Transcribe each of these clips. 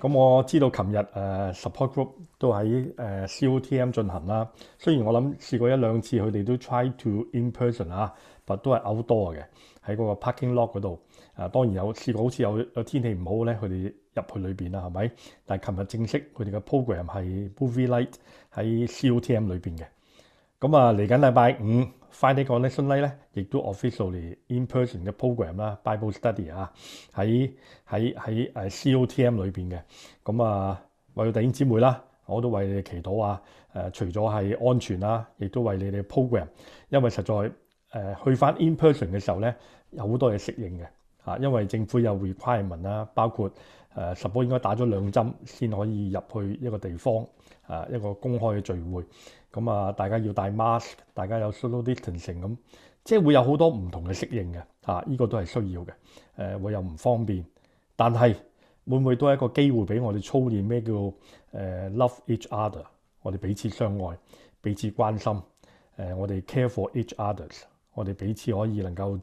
咁我知道琴日、呃、support group 都喺誒、呃、COTM 進行啦。雖然我諗試過一兩次，佢哋都 try to in person 啊，但都係 outdoor 嘅喺嗰個 parking lot 嗰度。誒、啊、當然有試過，好似有天氣唔好咧，佢哋入去裏面啦，係咪？但係琴日正式佢哋嘅 program 係 movie night 喺 COTM 裏邊嘅。咁啊，嚟緊禮拜五 Friday collection day 咧，亦都 officially in-person 嘅 program 啦，Bible study 啊，喺喺喺 COTM 裏面嘅。咁、嗯、啊，為咗弟兄姊妹啦，我都為你哋祈禱啊。除咗係安全啦，亦都為你哋 program，因為實在、啊、去翻 in-person 嘅時候咧，有好多嘢適應嘅、啊、因為政府有 requirement 啦，包括 support、啊、應該打咗兩針先可以入去一個地方啊，一個公開嘅聚會。咁啊，大家要戴 mask，大家有 social distancing，咁即係會有好多唔同嘅適應嘅嚇，依、啊這個都係需要嘅。誒、呃、會有唔方便，但係會唔會都係一個機會俾我哋操練咩叫誒 love each other？我哋彼此相愛、彼此關心。誒、呃、我哋 care for each others，我哋彼此可以能夠誒、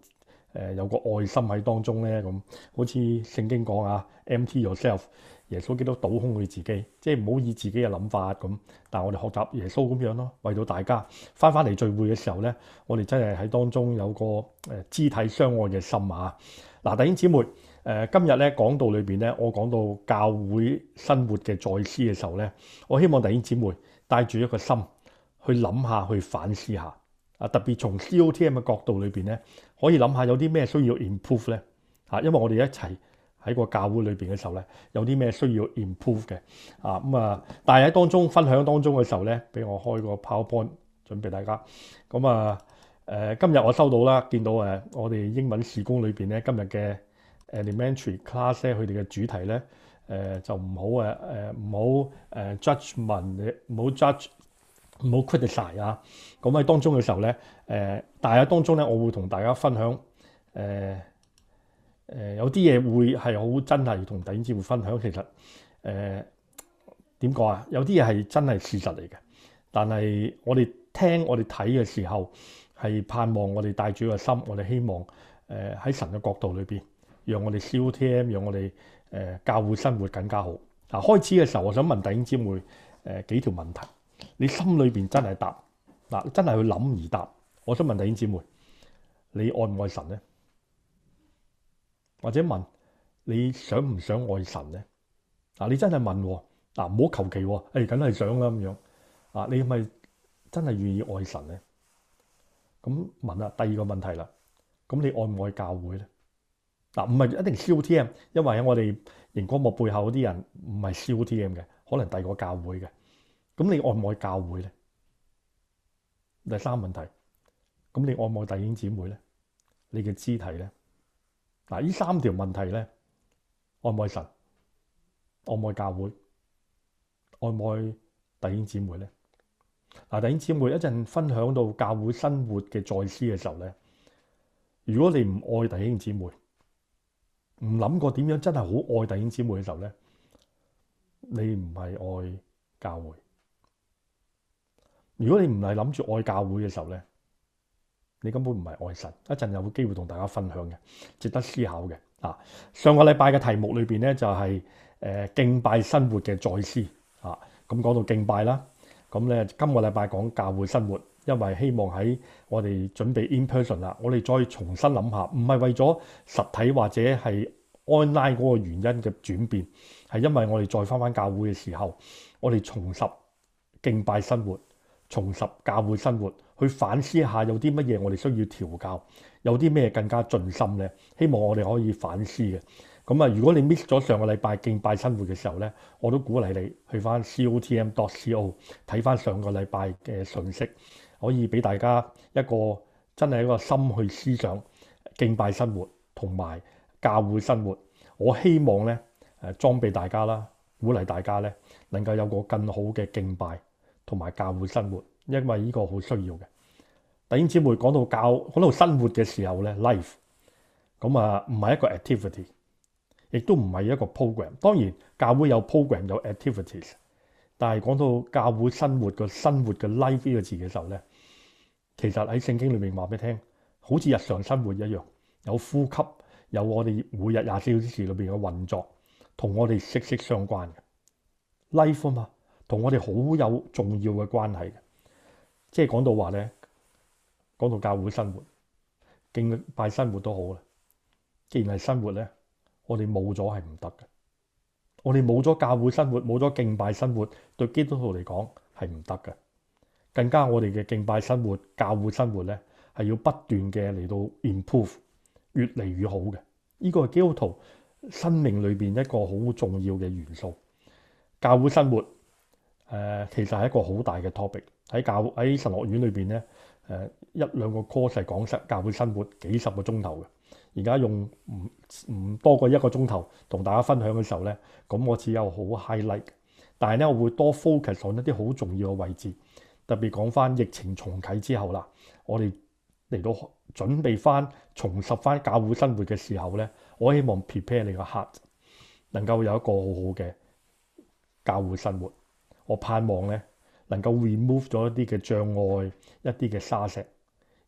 呃、有個愛心喺當中咧。咁好似聖經講啊，empty yourself。耶穌基督倒空佢自己，即係唔好以自己嘅諗法咁。但係我哋學習耶穌咁樣咯，為到大家翻返嚟聚會嘅時候咧，我哋真係喺當中有個誒肢體相愛嘅心啊！嗱，弟兄姊妹，誒、呃、今日咧講道裏邊咧，我講到教會生活嘅再思嘅時候咧，我希望弟兄姊妹帶住一個心去諗下去反思下啊，特別從 COTM 嘅角度裏邊咧，可以諗下有啲咩需要 improve 咧嚇，因為我哋一齊。喺個教會裏邊嘅時候咧，有啲咩需要 improve 嘅啊咁啊！但係喺當中分享當中嘅時候咧，俾我開個 PowerPoint 準備大家。咁啊誒、呃，今日我收到啦，見到誒我哋英文事工裏邊咧，今日嘅誒 elementary class 佢哋嘅主題咧誒、呃、就唔好誒誒唔好誒 judgement，唔好 judge 唔好 criticize 啊！咁喺當中嘅時候咧誒、呃，但係喺當中咧，我會同大家分享誒。呃誒、呃，有啲嘢會係好真係同弟兄姊妹分享。其實，誒點講啊？有啲嘢係真係事實嚟嘅。但係我哋聽我哋睇嘅時候，係盼望我哋帶住個心，我哋希望誒喺、呃、神嘅角度裏邊，讓我哋燒天，讓我哋誒、呃、教會生活更加好。嗱、呃，開始嘅時候，我想問弟兄姊妹誒、呃、幾條問題。你心裏邊真係答嗱，真係去諗而答。我想問弟兄姊妹，你愛唔愛神咧？或者問你想唔想愛神咧？嗱，你真係問嗱，唔好求其，誒，梗係想啦咁樣啊，你係咪真係願意愛神咧？咁問啦，第二個問題啦，咁你愛唔愛教會咧？嗱，唔係一定 COTM，因為喺我哋熒光幕背後嗰啲人唔係 COTM 嘅，可能第二個教會嘅，咁你愛唔愛教會咧？第三個問題，咁你愛唔愛弟兄姊妹咧？你嘅肢體咧？嗱，呢三條問題咧，愛唔愛神？愛唔愛教會？愛唔愛弟兄姊妹咧？嗱，弟兄姊妹一陣分享到教會生活嘅再思嘅時候咧，如果你唔愛弟兄姊妹，唔諗過點樣真係好愛弟兄姊妹嘅時候咧，你唔係愛教會。如果你唔係諗住愛教會嘅時候咧。你根本唔係愛神，一陣有機會同大家分享嘅，值得思考嘅。啊，上個禮拜嘅題目裏邊咧就係誒，敬拜生活嘅再思。啊，咁講到敬拜啦，咁咧今個禮拜講教會生活，因為希望喺我哋準備 in person 啦，我哋再重新諗下，唔係為咗實體或者係 online 嗰個原因嘅轉變，係因為我哋再返返教會嘅時候，我哋重拾敬拜生活，重拾教會生活。去反思一下有啲乜嘢我哋需要調教，有啲咩更加盡心咧？希望我哋可以反思嘅。咁啊，如果你 miss 咗上個禮拜敬拜生活嘅時候咧，我都鼓勵你去翻 COTM.CO 睇翻上個禮拜嘅信息，可以俾大家一個真係一個心去思想敬拜生活同埋教會生活。我希望咧誒，裝備大家啦，鼓勵大家咧能夠有個更好嘅敬拜同埋教會生活。因為呢個好需要嘅弟兄姐妹講到教，講到生活嘅時候咧，life 咁啊，唔係一個 activity，亦都唔係一個 program。當然教會有 program 有 activities，但係講到教會生活嘅生活嘅 life 呢個字嘅時候咧，其實喺聖經裏面話俾你聽，好似日常生活一樣，有呼吸，有我哋每日廿四小時裏邊嘅運作，同我哋息息相關嘅 life 吖嘛，同我哋好有重要嘅關係。即係講到話咧，講到教會生活，敬拜生活都好啦。既然係生活咧，我哋冇咗係唔得嘅。我哋冇咗教會生活，冇咗敬拜生活，對基督徒嚟講係唔得嘅。更加我哋嘅敬拜生活、教會生活咧，係要不斷嘅嚟到 improve，越嚟越好嘅。呢個係基督徒生命裏邊一個好重要嘅元素。教會生活。誒、呃，其實係一個好大嘅 topic 喺教喺神學院裏邊咧。誒、呃，一兩個 course 係講室教會生活幾十個鐘頭嘅，而家用唔唔多過一個鐘頭同大家分享嘅時候咧，咁我只有好 highlight，但係咧，我會多 focus on 一啲好重要嘅位置，特別講翻疫情重啟之後啦，我哋嚟到準備翻重拾翻教會生活嘅時候咧，我希望 prepare 你個 heart 能夠有一個好好嘅教會生活。我盼望咧能夠 remove 咗一啲嘅障礙，一啲嘅沙石，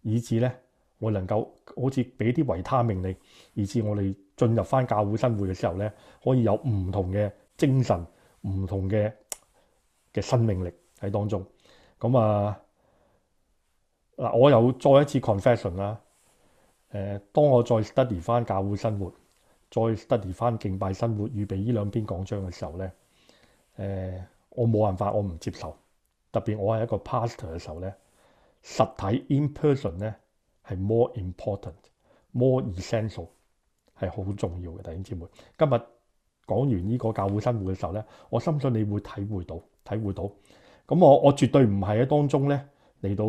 以至咧我能夠好似俾啲維他命你，以至我哋進入翻教會生活嘅時候咧，可以有唔同嘅精神、唔同嘅嘅生命力喺當中。咁、嗯、啊嗱，我有再一次 confession 啦。誒，當我再 study 翻教會生活，再 study 翻敬拜生活，預備呢兩篇講章嘅時候咧，誒、啊。我冇辦法，我唔接受。特別我係一個 pastor 嘅時候咧，實體 in person 咧係 more important，more essential 係好重要嘅弟兄姐妹。今日講完呢個教會生活嘅時候咧，我相信你會體會到，體會到。咁我我絕對唔係喺當中咧嚟到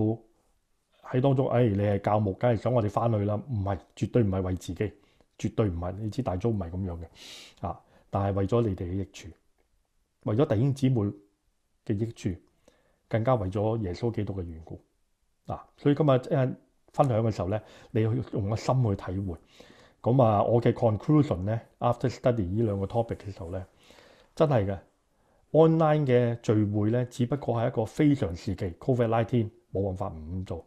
喺當中，哎，你係教牧，梗係想我哋翻去啦，唔係絕對唔係為自己，絕對唔係你知道大鐘唔係咁樣嘅啊，但係為咗你哋嘅益處。為咗弟兄姊妹嘅益處，更加為咗耶穌基督嘅緣故，嗱、啊，所以今日分享嘅時候咧，你要用個心去體會。咁啊，我嘅 conclusion 咧，after study 呢兩個 topic 嘅時候咧，真係嘅，online 嘅聚會咧，只不過係一個非常時期，COVID nineteen 冇辦法唔做，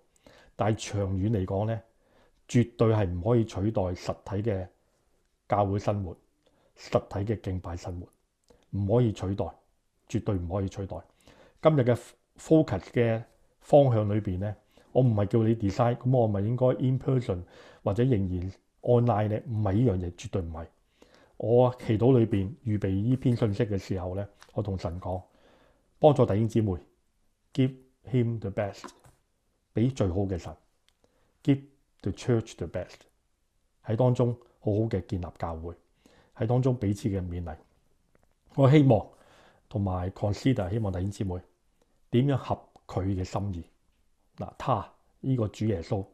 但係長遠嚟講咧，絕對係唔可以取代實體嘅教會生活、實體嘅敬拜生活。唔可以取代，絕對唔可以取代。今日嘅 focus 嘅方向裏面呢，我唔係叫你 design，咁我咪應該 in person 或者仍然 online 呢。唔係呢樣嘢，絕對唔係。我祈禱裏面預備呢篇信息嘅時候呢，我同神講，幫助弟兄姊妹，give him the best，俾最好嘅神，give the church the best，喺當中好好嘅建立教會，喺當中彼此嘅勉勵。我希望同埋 Consider 希望弟兄姊妹點樣合佢嘅心意嗱，他、這、呢個主耶穌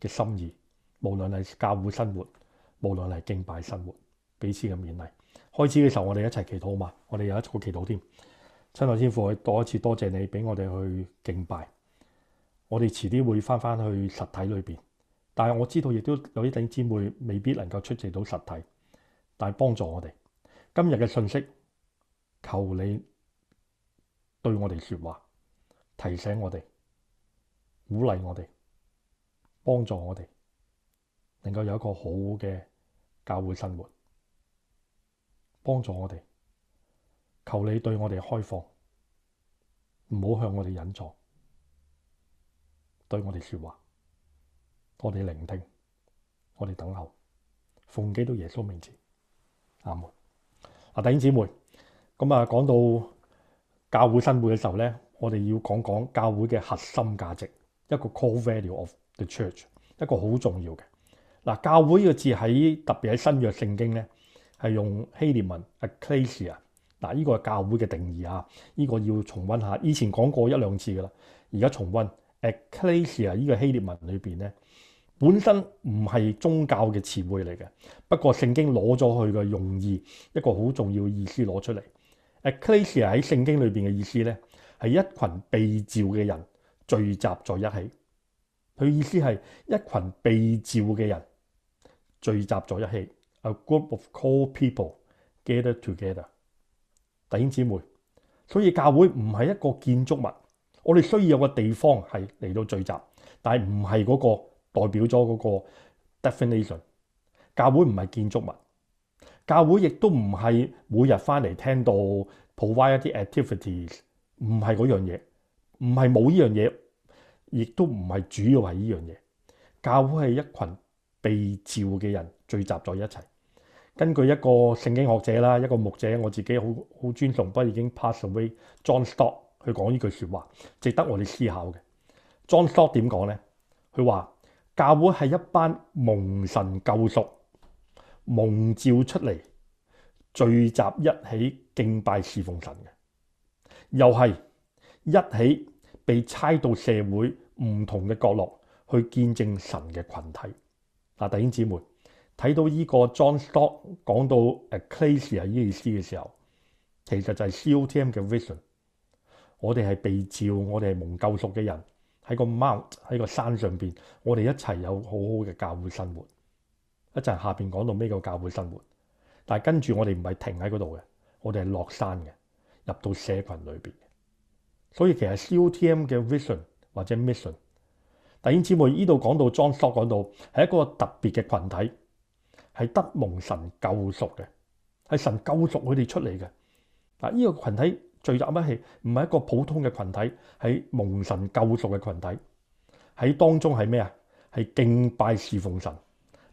嘅心意，無論係教會生活，無論係敬拜生活，彼此嘅勉勵。開始嘅時候我，我哋一齊祈禱啊！我哋有一個祈禱添，親愛天父，我多一次多謝你俾我哋去敬拜。我哋遲啲會翻翻去實體裏邊，但係我知道亦都有啲弟兄姊妹未必能夠出席到實體，但係幫助我哋今日嘅信息。求你對我哋說話，提醒我哋，鼓勵我哋，幫助我哋，能夠有一個好嘅教會生活。幫助我哋，求你對我哋開放，唔好向我哋隱藏，對我哋說話，我哋聆聽，我哋等候，奉基督耶穌名字阿門。啊，弟兄姊妹。咁啊，講到教會新會嘅時候咧，我哋要講講教會嘅核心價值，一個 core value of the church，一個好重要嘅。嗱，教會呢個字喺特別喺新約聖經咧，係用希臘文 Ecclesia。嗱，呢個係教會嘅定義啊，呢、呢個要重温下。以前講過一兩次噶啦，而家重温 Ecclesia，呢個希臘文裏邊咧，本身唔係宗教嘅詞彙嚟嘅，不過聖經攞咗佢嘅用意，一個好重要嘅意思攞出嚟。Ecclesia 喺聖經裏面嘅意思咧，係一群被召嘅人聚集在一起。佢意思係一群被召嘅人聚集在一起。A group of called people gathered together。弟兄姊妹，所以教會唔係一個建築物，我哋需要有個地方係嚟到聚集，但係唔係嗰個代表咗嗰個 definition。教會唔係建築物。教會亦都唔係每日翻嚟聽到 provide 一啲 activities，唔係嗰樣嘢，唔係冇呢樣嘢，亦都唔係主要係呢樣嘢。教會係一群被召嘅人聚集在一齊。根據一個聖經學者啦，一個牧者，我自己好好尊重，不過已經 pass away。John Stott 去講呢句説話，值得我哋思考嘅。John Stott 點講咧？佢話教會係一班蒙神救贖。蒙召出嚟，聚集一起敬拜侍奉神嘅，又係一起被差到社會唔同嘅角落去見證神嘅群體。嗱、啊，弟兄姊妹睇到呢個 John Stock 講到 Ecclesia 呢、e、意思嘅時候，其實就係 COTM 嘅 vision。我哋係被召，我哋係蒙救贖嘅人喺個 mount 喺個山上邊，我哋一齊有很好好嘅教會生活。一陣下邊講到咩叫教會生活，但跟住我哋唔係停喺嗰度嘅，我哋係落山嘅，入到社群裏邊。所以其實 COTM 嘅 vision 或者 mission，弟兄姊妹呢度講到裝修嗰度係一個特別嘅群體，係得蒙神救贖嘅，係神救贖佢哋出嚟嘅。嗱，呢個群體聚集乜係唔係一個普通嘅群體，係蒙神救贖嘅群體。喺當中係咩啊？係敬拜侍奉神。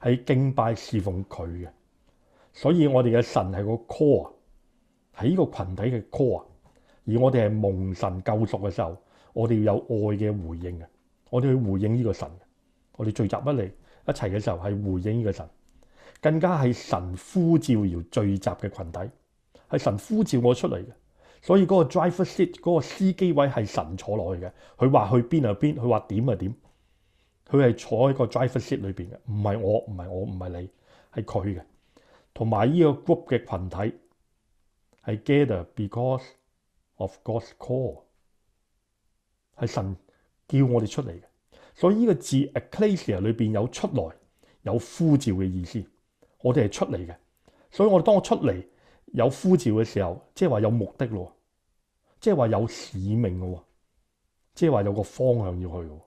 喺敬拜侍奉佢嘅，所以我哋嘅神係個 core，係呢個群體嘅 core。而我哋係蒙神救贖嘅時候，我哋要有愛嘅回應嘅，我哋去回應呢個神。我哋聚集一嚟一齊嘅時候係回應呢個神，更加係神呼召要聚集嘅群體，係神呼召我出嚟嘅。所以嗰個 driver seat 嗰個司機位係神坐落去嘅，佢話去邊就邊，佢話點就點。佢係坐喺個 driver seat 裏邊嘅，唔係我，唔係我，唔係你，係佢嘅。同埋呢個 group 嘅群體係 gather because of God's call，係神叫我哋出嚟嘅。所以呢個字 ecclesia 裏邊有出嚟、有呼召嘅意思。我哋係出嚟嘅，所以我哋當我出嚟有呼召嘅時候，即係話有目的喎，即係話有使命喎，即係話有個方向要去喎。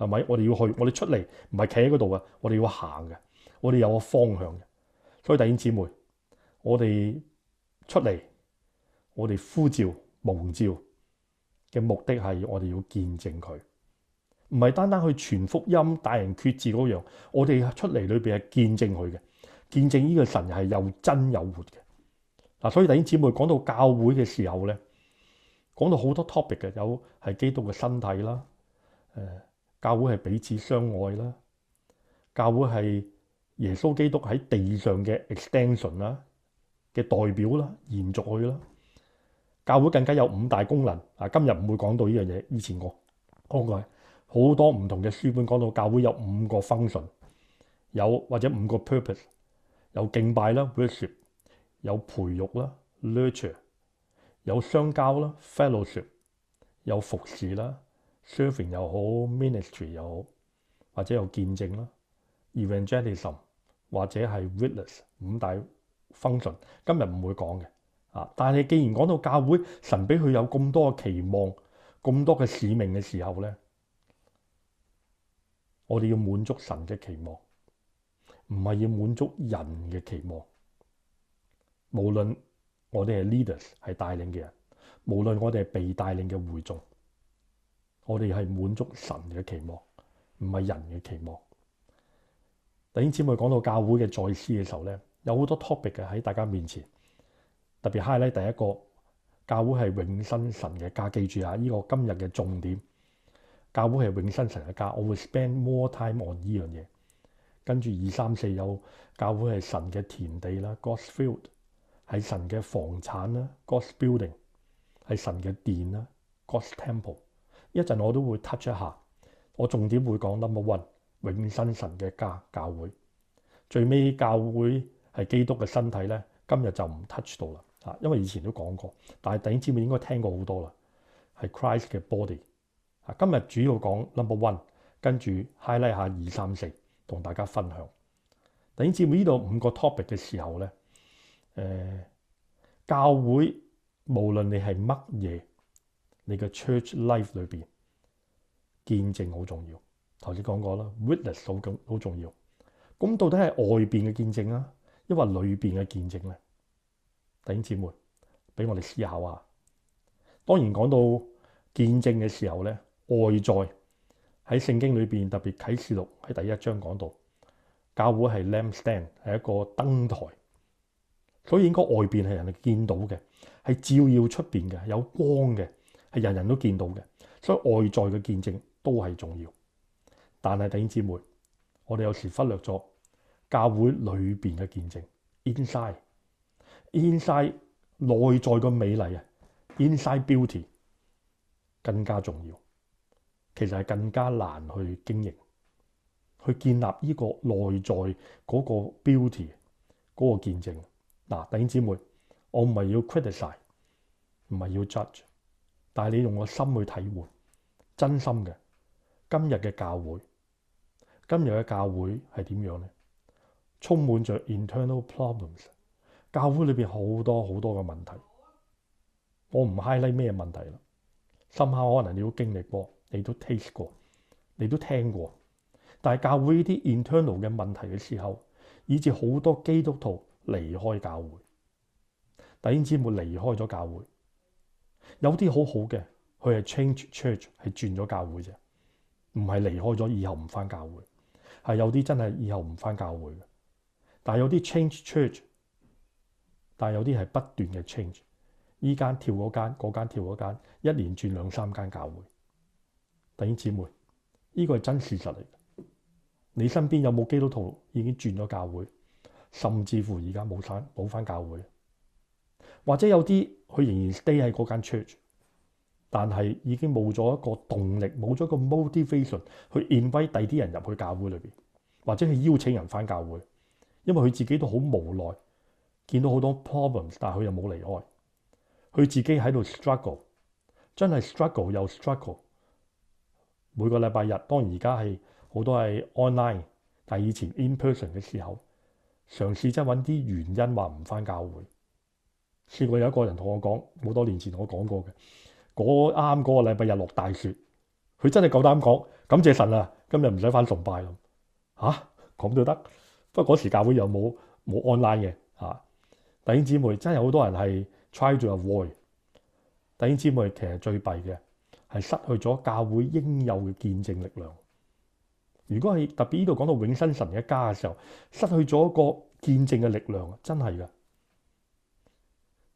係咪？我哋要去，我哋出嚟唔係企喺嗰度呀，我哋要行嘅。我哋有個方向嘅，所以弟兄姊妹，我哋出嚟，我哋呼召蒙召嘅目的係我哋要見證佢，唔係單單去傳福音、帶人決志嗰樣。我哋出嚟裏邊係見證佢嘅，見證呢個神係又真有活嘅嗱。所以弟兄姊妹講到教會嘅時候咧，講到好多 topic 嘅，有係基督嘅身體啦，誒、呃。教會係彼此相愛啦，教會係耶穌基督喺地上嘅 extension 啦，嘅代表啦，延續去啦。教會更加有五大功能，啊，今日唔會講到呢樣嘢，以前我講過，OK，好多唔同嘅書本講到教會有五個 function，有或者五個 purpose，有敬拜啦 worship，有培育啦 nurture，有相交啦 fellowship，有服侍啦。serving 又好，ministry 又好，或者有見證啦，evangelism 或者係 witness 五大 function，今日唔會講嘅。啊，但係既然講到教會，神俾佢有咁多嘅期望，咁多嘅使命嘅時候咧，我哋要滿足神嘅期望，唔係要滿足人嘅期望。無論我哋係 leaders 係帶領嘅人，無論我哋係被帶領嘅會眾。我哋係滿足神嘅期望，唔係人嘅期望。弟兄姊妹講到教會嘅在施嘅時候咧，有好多 topic 嘅喺大家面前。特別 highlight 第一個教會係永生神嘅家，記住啊，呢、這個今日嘅重點。教會係永生神嘅家。我會 spend more time on 呢樣嘢。跟住二三四有教會係神嘅田地啦，God’s field 係神嘅房產啦，God’s building 係神嘅殿啦，God’s temple。一陣我都會 touch 一下，我重點會講 number one 永生神嘅家教會，最尾教會係基督嘅身體咧，今日就唔 touch 到啦嚇，因為以前都講過，但係弟兄姊妹應該聽過好多啦，係 Christ 嘅 body 嚇。今日主要講 number one，跟住 highlight 下二三四，同大家分享。弟兄姊妹呢度五個 topic 嘅時候咧，誒教會無論你係乜嘢。你嘅 church life 裏邊見證好重要，頭先講過啦，witness 好緊好重要。咁到底係外邊嘅見證啊，抑或裏邊嘅見證咧？弟兄姊妹俾我哋思考一下。當然講到見證嘅時候咧，外在喺聖經裏邊，特別啟示錄喺第一章講到教會係 lampstand 係一個燈台，所以應該外邊係人哋見到嘅，係照耀出邊嘅，有光嘅。係人人都見到嘅，所以外在嘅見證都係重要。但係弟兄姊妹，我哋有時忽略咗教會裏邊嘅見證。Inside，inside 內在嘅美麗啊，inside beauty 更加重要。其實係更加難去經營，去建立呢個內在嗰個 beauty 嗰個見證。嗱、啊，弟兄姊妹，我唔係要 criticise，唔係要 judge。但係你用我心去體會，真心嘅今日嘅教會，今日嘅教會係點樣呢？充滿着 internal problems，教會裏面好多好多嘅問題。我唔 highlight 咩問題啦，深刻可能你都經歷過，你都 taste 過，你都聽過。但係教會呢啲 internal 嘅問題嘅時候，以至好多基督徒離開教會，弟兄姊妹離開咗教會。有啲好好嘅，佢係 change church 係轉咗教會啫，唔係離開咗，以後唔翻教會。係有啲真係以後唔翻教會嘅，但係有啲 change church，但係有啲係不斷嘅 change，依間跳嗰間，嗰間跳嗰間，一連轉兩三間教會。弟兄姊妹，呢個係真事實嚟。你身邊有冇基督徒已經轉咗教會，甚至乎而家冇返冇翻教會，或者有啲，佢仍然 stay 喺嗰間 church，但係已經冇咗一個動力，冇咗個 motivation 去 invite 第啲人入去教會裏邊，或者係邀請人翻教會，因為佢自己都好無奈，見到好多 problems 但係佢又冇離開，佢自己喺度 struggle，真係 struggle 又 struggle。每個禮拜日，當然而家係好多係 online，但係以前 in person 嘅時候，嘗試真係揾啲原因話唔翻教會。試過有一個人同我講，好多年前同我講過嘅，嗰啱嗰個禮拜日落大雪，佢真係夠膽講感謝神啦、啊，今日唔使返崇拜啦，嚇咁都得。不過嗰時教會又冇冇 online 嘅嚇、啊，弟兄姊妹真係好多人係 try to avoid，弟兄姊妹其實最弊嘅係失去咗教會應有嘅見證力量。如果係特別呢度講到永生神一家嘅時候，失去咗一個見證嘅力量，真係噶。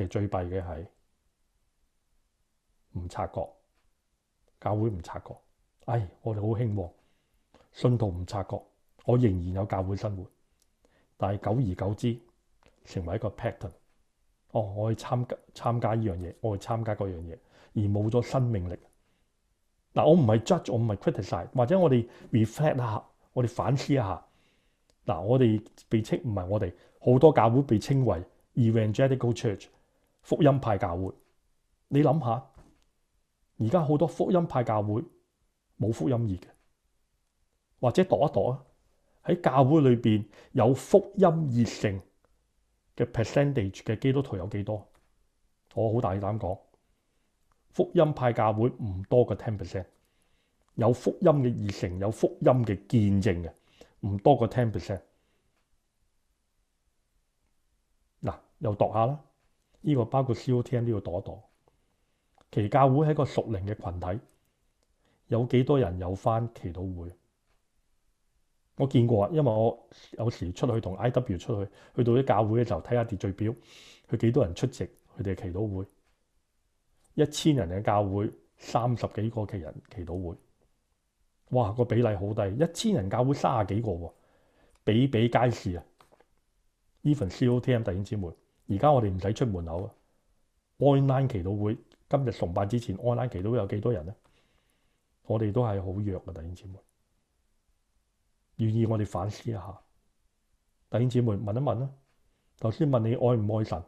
其實最弊嘅係唔察覺，教會唔察覺。唉、哎，我哋好興信徒唔察覺，我仍然有教會生活，但係久而久之成為一個 pattern。哦，我去參加參加呢樣嘢，我去參加嗰樣嘢，而冇咗生命力。嗱，我唔係 judge，我唔係 criticize，或者我哋 reflect 一下，我哋反思一下。嗱，我哋被稱唔係我哋好多教會被稱為 Evangelical Church。福音派教會，你諗下，而家好多福音派教會冇福音熱嘅，或者度一度啊。喺教會裏邊有福音熱性嘅 percentage 嘅基督徒有幾多？我好大膽講，福音派教會唔多過 ten percent 有福音嘅熱誠，有福音嘅見證嘅，唔多過 ten percent。嗱，又度下啦。呢個包括 COTM 都要躲一躲。其教會係一個熟齡嘅群體，有幾多人有返祈禱會？我見過，因為我有時出去同 IW 出去，去到啲教會嘅時候睇下秩序表，佢幾多人出席佢哋祈禱會。一千人嘅教會，三十幾個嘅人祈禱會，哇，個比例好低，一千人教會三十幾個喎，比比皆是啊。Even COTM 弟兄姐妹。而家我哋唔使出門口，online 祈禱會，今日崇拜之前，online 祈禱會有幾多人呢？我哋都係好弱嘅弟兄姊妹，願意我哋反思一下，弟兄姊妹問一問呢，頭先問你愛唔愛神？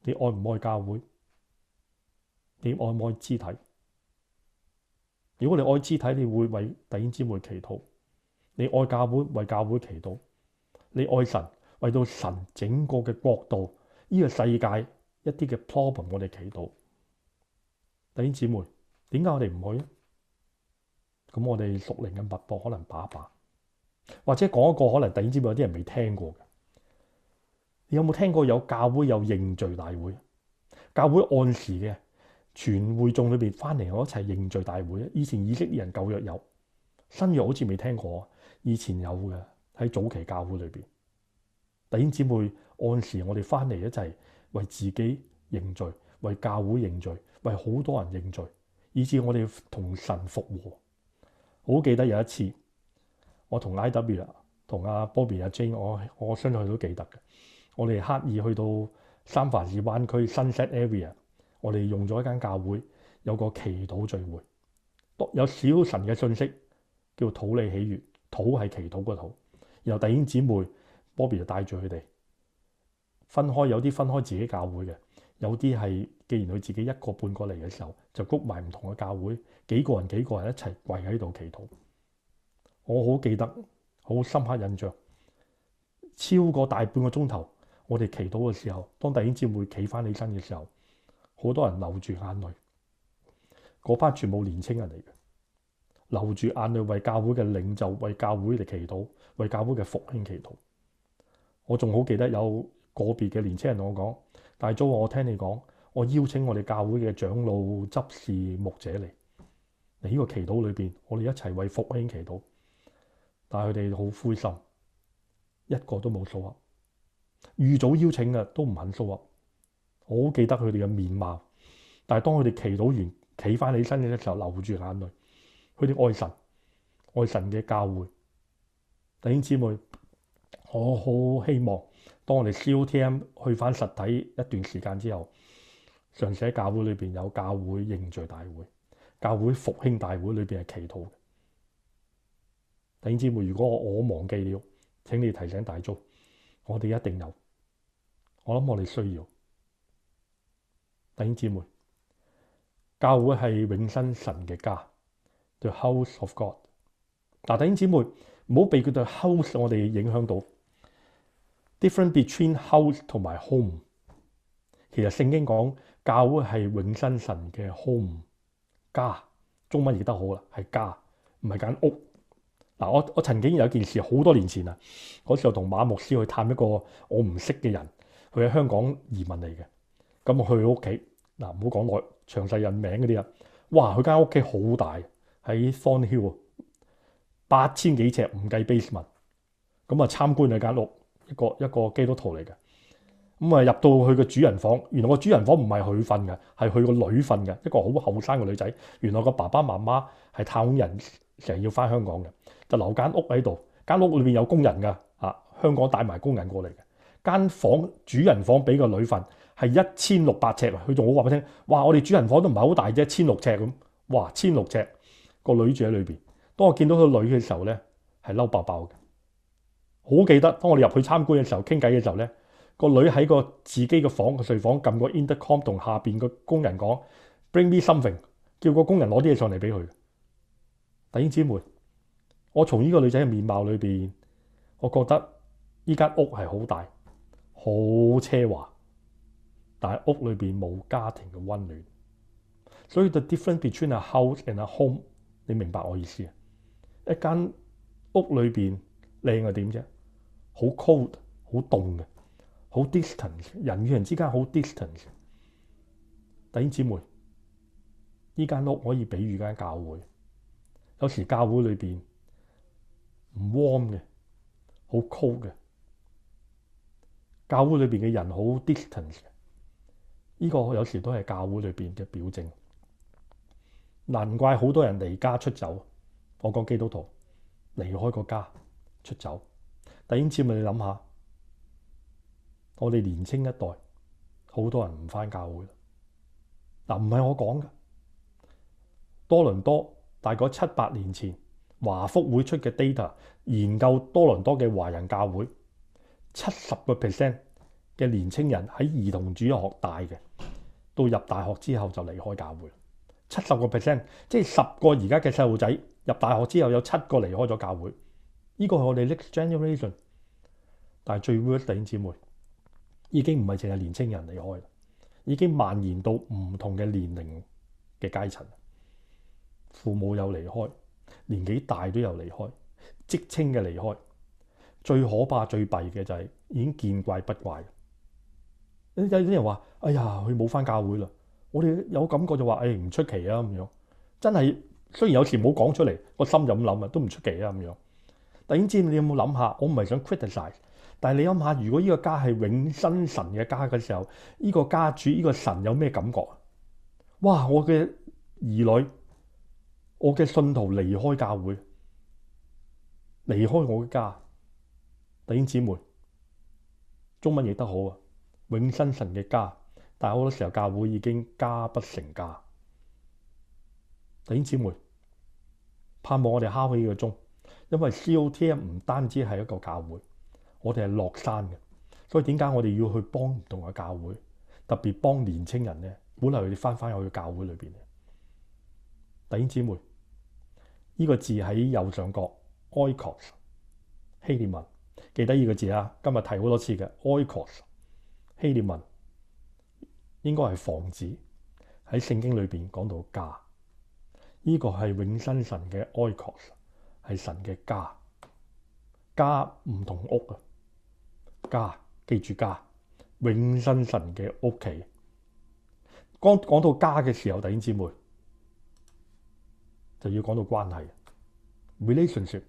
你愛唔愛教會？你愛唔愛肢體？如果你愛肢體，你會為弟兄姊妹祈禱；你愛教會，為教會祈禱；你愛神。為到神整個嘅國度，呢個世界一啲嘅 problem，我哋祈禱。弟兄姊妹，點解我哋唔去呢？咁我哋屬靈嘅脈搏可能把一把，或者講一個可能，弟兄姊妹有啲人未聽過嘅。你有冇聽過有教會有認罪大會？教會按時嘅全會眾裏邊翻嚟，我一齊認罪大會啊！以前以色列人舊約有，新約好似未聽過。以前有嘅喺早期教會裏邊。弟兄姊妹按時我哋翻嚟一齊為自己認罪，為教會認罪，為好多人認罪，以致我哋同神復和。好記得有一次，我同 I W 啊，同阿 Bobby 阿 Jane，我我相信佢都記得嘅。我哋刻意去到三藩市灣區 Sunset area，我哋用咗一間教會有個祈禱聚會，有小神嘅信息叫土裏喜悅，土係祈禱嘅土，然後弟兄姊妹。Bobby 就帶住佢哋分開，有啲分開自己教會嘅，有啲係既然佢自己一個半過嚟嘅時候，就谷埋唔同嘅教會，幾個人幾個人一齊跪喺度祈禱。我好記得，好深刻印象，超過大半個鐘頭。我哋祈禱嘅時候，當弟兄姊妹企翻起身嘅時候，好多人流住眼淚。嗰班全部年青人嚟嘅，流住眼淚為教會嘅領袖，為教會嚟祈禱，為教會嘅復興祈禱。我仲好記得有個別嘅年青人同我講：大鐘，我聽你講，我邀請我哋教會嘅長老、執事、牧者嚟。你、這、呢個祈禱裏邊，我哋一齊為復興祈禱。但係佢哋好灰心，一個都冇數啊，預早邀請嘅都唔肯數啊。我好記得佢哋嘅面貌。但係當佢哋祈禱完，企翻起身嘅時候，流住眼淚。佢哋愛神，愛神嘅教會弟兄姊妹。我好希望，當我哋 COTM 去翻實體一段時間之後，上次喺教會裏面有教會認罪大會、教會復興大會裏面係祈禱嘅。弟兄姊妹，如果我忘記了，請你提醒大眾，我哋一定有。我諗我哋需要。弟兄姊妹，教會係永生神嘅家，the house of God。嗱，弟兄姊妹，唔好被佢對 house 我哋影響到。Different between house 同埋 home，其實聖經講教會係永生神嘅 home 家，中文譯得好啦，係家，唔係間屋嗱、啊。我我曾經有一件事好多年前啦，嗰時候同馬牧師去探一個我唔識嘅人，佢係香港移民嚟嘅。咁我去佢屋企嗱，唔好講耐，詳細人名嗰啲啊。哇，佢間屋企好大，喺 Fawn Hill，八千幾尺，唔計 basement。咁啊，參觀佢間屋。一個一個基督徒嚟嘅咁啊！入到去個主人房，原來個主人房唔係佢瞓嘅，係佢個女瞓嘅，一個好後生嘅女仔。原來個爸爸媽媽係泰人，成日要翻香港嘅，就留間屋喺度。間屋裏面有工人嘅啊，香港帶埋工人過嚟嘅。間房主人房俾個女瞓，係一千六百尺。佢仲好話俾你聽：哇！我哋主人房都唔係好大啫，千六尺咁。哇！千六尺個女住喺裏邊。當我見到個女嘅時候咧，係嬲爆爆嘅。好記得，當我哋入去參觀嘅時候，傾偈嘅時候咧，個女喺個自己嘅房個睡房撳個 intercom，同下面個工人講：bring me something，叫個工人攞啲嘢上嚟俾佢。弟兄姊妹，我從呢個女仔嘅面貌裏面，我覺得依間屋係好大、好奢華，但係屋裏面冇家庭嘅溫暖。所以 the difference between a house and a home，你明白我意思啊？一間屋裏面靚又點啫？好 cold，好凍嘅，好 distance，人與人之間好 distance。弟兄姊妹，呢間屋可以比喻間教會，有時教會裏邊唔 warm 嘅，好 cold 嘅，教會裏邊嘅人好 distance 嘅，呢個有時都係教會裏邊嘅表徵。難怪好多人離家出走，我講基督徒離開個家出走。第二次咪你諗下，我哋年青一代好多人唔翻教會啦。嗱，唔係我講噶，多倫多大概七八年前華福會出嘅 data，研究多倫多嘅華人教會，七十個 percent 嘅年青人喺兒童主日學大嘅，到入大學之後就離開教會。七十個 percent，即係十個而家嘅細路仔入大學之後有七個離開咗教會。呢個係我哋 next generation，但係最 worst 弟兄姊妹已經唔係淨係年青人離開啦，已經蔓延到唔同嘅年齡嘅階層。父母又離開，年紀大都又離開，職稱嘅離開，最可怕、最弊嘅就係已經見怪不怪了。有啲人話，哎呀，佢冇返教會啦。我哋有感覺就話，誒唔出奇啊咁樣。真係雖然有時冇講出嚟，個心就咁諗啊，都唔出奇啊咁樣。弟兄姊妹你有冇諗下？我唔係想 criticize，但係你諗下，如果呢個家係永生神嘅家嘅時候，呢個家主呢個神有咩感覺？哇！我嘅兒女，我嘅信徒離開教會，離開我嘅家。弟兄姊妹，中文譯得好啊！永生神嘅家，但係好多時候教會已經家不成家。弟兄姊妹，盼望我哋敲起個鐘。因為 COTM 唔單止係一個教會，我哋係落山嘅，所以點解我哋要去幫唔同嘅教會，特別幫年青人咧，鼓勵佢翻返去教會裏邊咧。弟兄姊妹，呢、這個字喺右上角，Oikos 希臘文，記得呢個字啊，今日提好多次嘅 Oikos 希臘文，應該係房子，喺聖經裏邊講到家，呢、這個係永生神嘅 Oikos。係神嘅家，家唔同屋啊！家，記住家，永生神嘅屋企。剛講到家嘅時候，弟兄姊妹就要講到關係 relationship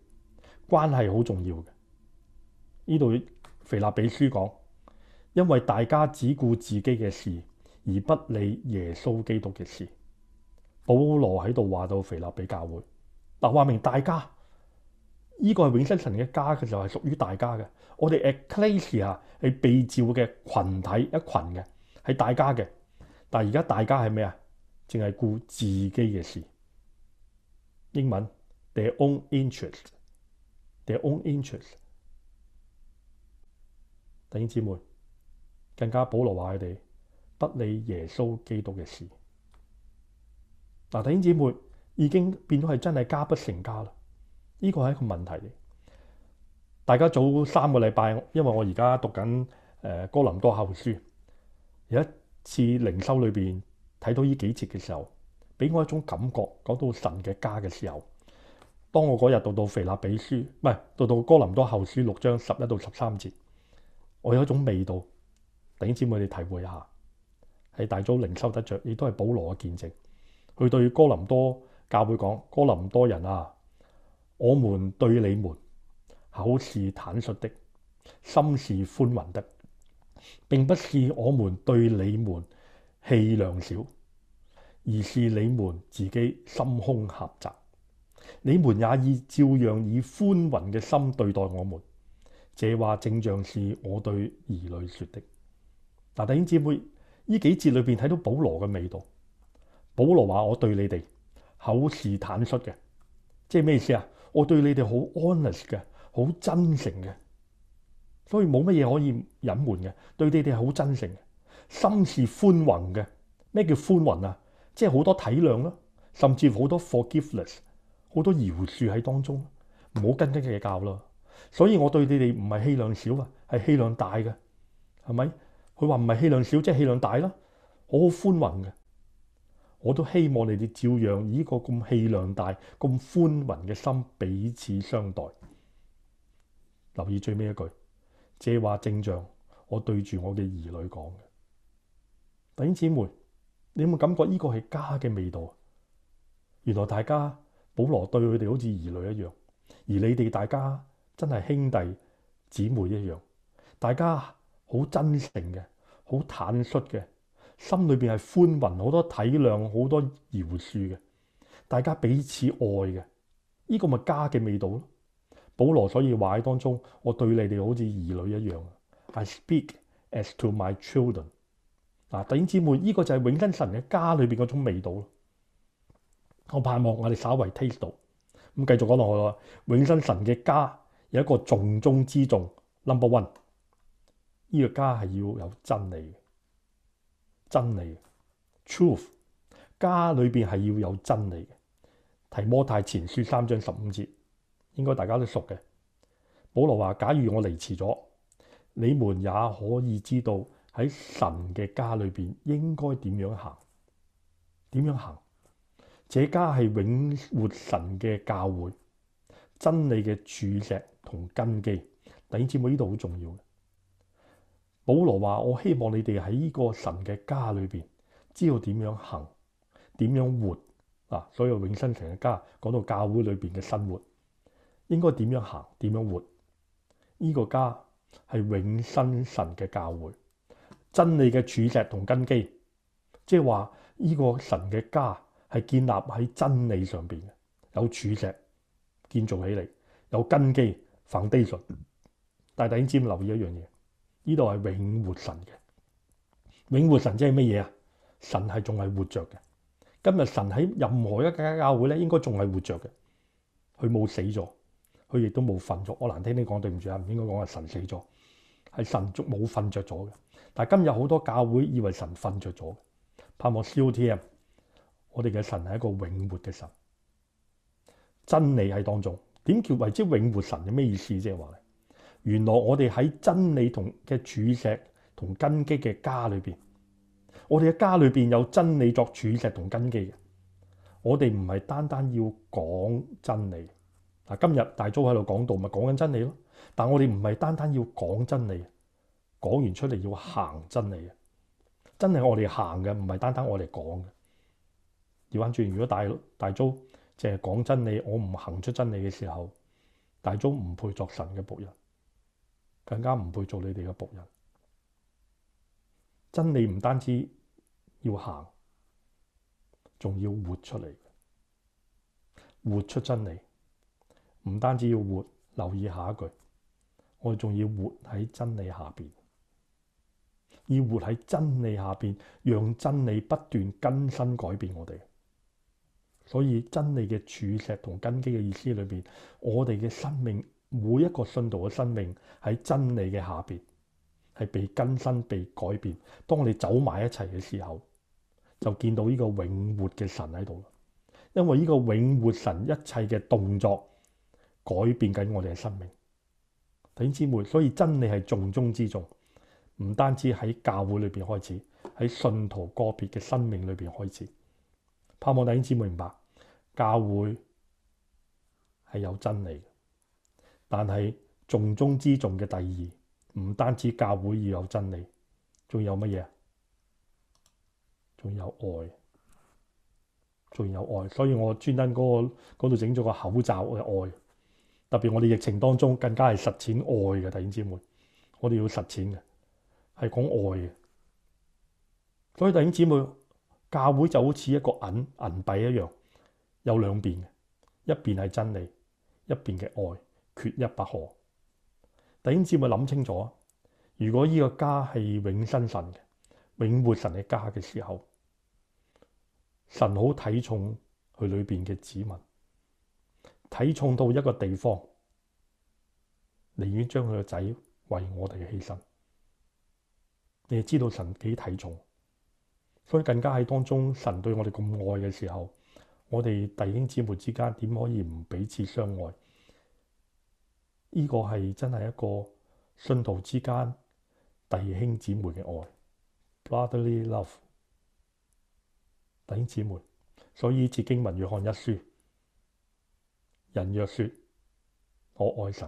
關係好重要嘅。呢度腓立比書講，因為大家只顧自己嘅事，而不理耶穌基督嘅事。保羅喺度話到腓立比教會，嗱，話明大家。呢個係永生神嘅家，佢就係屬於大家嘅。我哋 Ecclesia 係被召嘅群體，一群嘅，係大家嘅。但係而家大家係咩啊？淨係顧自己嘅事。英文 their own interest，their own interest, own interest。弟。弟兄姊妹更加，保羅話佢哋不理耶穌基督嘅事。嗱，弟兄姊妹已經變咗係真係家不成家啦。呢個係一個問題嚟。大家早三個禮拜，因為我而家讀緊《誒哥林多後書》，有一次靈修裏邊睇到呢幾節嘅時候，俾我一種感覺。講到神嘅家嘅時候，當我嗰日讀到《腓立比書》，唔係讀到《哥林多後書》六章十一到十三節，我有一種味道。弟兄姊妹哋體會一下，喺大早靈修得着，亦都係保羅嘅見證。佢對哥林多教會講：哥林多人啊！我們對你們口是坦率的，心是寬宏的，並不是我們對你們氣量少，而是你們自己心胸狹窄。你們也以照樣以寬宏嘅心對待我們，這話正像是我對兒女說的。嗱，弟兄姊妹，呢幾節裏邊睇到保羅嘅味道。保羅話：我對你哋口是坦率嘅，即係咩意思啊？我對你哋好 honest 嘅，好真誠嘅，所以冇乜嘢可以隱瞞嘅。對你哋係好真誠嘅，心是寬宏嘅。咩叫寬宏啊？即係好多體諒咯，甚至好多 forgiveness，好多饒恕喺當中。唔好斤斤計較咯。所以我對你哋唔係氣量少啊，係氣量大嘅，係咪？佢話唔係氣量少，即係氣量大咯，好好寬宏嘅。我都希望你哋照樣以個咁氣量大、咁寬宏嘅心彼此相待。留意最尾一句，這話正像我對住我嘅兒女講嘅。弟兄姊妹，你有冇感覺呢個係家嘅味道？原來大家，保羅對佢哋好似兒女一樣，而你哋大家真係兄弟姊妹一樣，大家好真誠嘅，好坦率嘅。心裏邊係寬宏，好多體諒，好多饒恕嘅，大家彼此愛嘅，呢個咪家嘅味道咯。保羅所以話喺當中，我對你哋好似兒女一樣。I speak as to my children。嗱、啊，弟兄姊妹，呢、這個就係永生神嘅家裏邊嗰種味道咯。我盼望我哋稍微 taste 到。咁繼續講落去咯，永生神嘅家有一個重中之重，number one，呢個家係要有真理嘅。真理 truth，家裏邊係要有真理嘅。提摩太前書三章十五節，應該大家都熟嘅。保羅話：假如我離辭嚟遲咗，你們也可以知道喺神嘅家裏邊應該點樣行。點樣行？這家係永活神嘅教會，真理嘅柱石同根基。弟兄姊妹，呢度好重要保羅話：我希望你哋喺呢個神嘅家裏邊，知道點樣行，點樣活啊！所有永生神嘅家講到教會裏邊嘅生活，應該點樣行，點樣活？呢個家係永生神嘅教會，真理嘅柱石同根基，即係話呢個神嘅家係建立喺真理上邊嘅，有柱石建造起嚟，有根基 foundation。但大家應唔留意一樣嘢。呢度係永活神嘅。永活神即係乜嘢啊？神係仲係活着嘅。今日神喺任何一間教會咧，應該仲係活着嘅。佢冇死咗，佢亦都冇瞓咗。我難聽啲講，對唔住啊，唔應該講話神死咗，係神冇瞓着咗嘅。但係今日好多教會以為神瞓着咗，盼望《COTM》：「我哋嘅神係一個永活嘅神，真理喺當中。點叫為之永活神？有咩意思？即係話咧？原來我哋喺真理同嘅柱石同根基嘅家裏邊，我哋嘅家裏邊有真理作柱石同根基嘅。我哋唔係單單要講真理嗱。今日大租喺度講道咪講緊真理咯，但我哋唔係單單要講真理，講完出嚟要行真理啊！真理係我哋行嘅，唔係單單我哋講嘅。調翻轉，如果大大租淨係講真理，我唔行出真理嘅時候，大租唔配作神嘅僕人。更加唔配做你哋嘅僕人。真理唔單止要行，仲要活出嚟，活出真理。唔單止要活，留意下一句，我哋仲要活喺真理下邊，要活喺真理下邊，讓真理不斷更新改變我哋。所以真理嘅柱石同根基嘅意思裏邊，我哋嘅生命。每一個信徒嘅生命喺真理嘅下邊係被更新、被改變。當你走埋一齊嘅時候，就見到呢個永活嘅神喺度啦。因為呢個永活神一切嘅動作改變緊我哋嘅生命，弟兄姊妹，所以真理係重中之重，唔單止喺教會裏邊開始，喺信徒個別嘅生命裏邊開始。盼望弟兄姊妹明白，教會係有真理嘅。但係重中之重嘅第二，唔單止教會要有真理，仲有乜嘢？仲有愛，仲有愛。所以我專登嗰度整咗個口罩嘅愛，特別我哋疫情當中更加係實踐愛嘅弟兄姊妹，我哋要實踐嘅係講愛嘅。所以弟兄姊妹，教會就好似一個銀銀幣一樣，有兩邊嘅，一邊係真理，一邊嘅愛。缺一不可。弟兄姊妹諗清楚，如果呢個家係永生神嘅、永活神嘅家嘅時候，神好睇重佢裏邊嘅子民，睇重到一個地方，寧願將佢個仔為我哋犧牲。你知道神幾睇重，所以更加喺當中神對我哋咁愛嘅時候，我哋弟兄姊妹之間點可以唔彼此相愛？呢個係真係一個信徒之間弟兄姊妹嘅愛，brotherly love，弟兄姊妹。所以接經文約翰一書，人若說我愛神，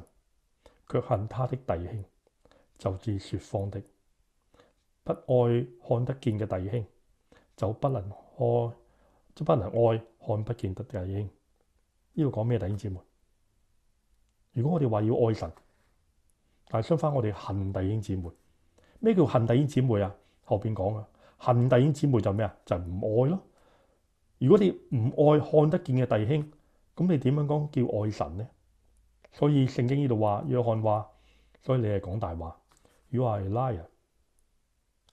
卻恨他的弟兄，就至說謊的；不愛看得見嘅弟兄，就不能愛就不能愛看不見得弟兄。呢、這個講咩？弟兄姊妹？如果我哋話要愛神，但係相反我哋恨弟兄姊妹，咩叫恨弟兄姊妹啊？後邊講啊，恨弟兄姊妹就咩啊？就係唔愛咯。如果你唔愛看得見嘅弟兄，咁你點樣講叫愛神咧？所以聖經呢度話約翰話，所以你係講大話，如果係 liar 啊。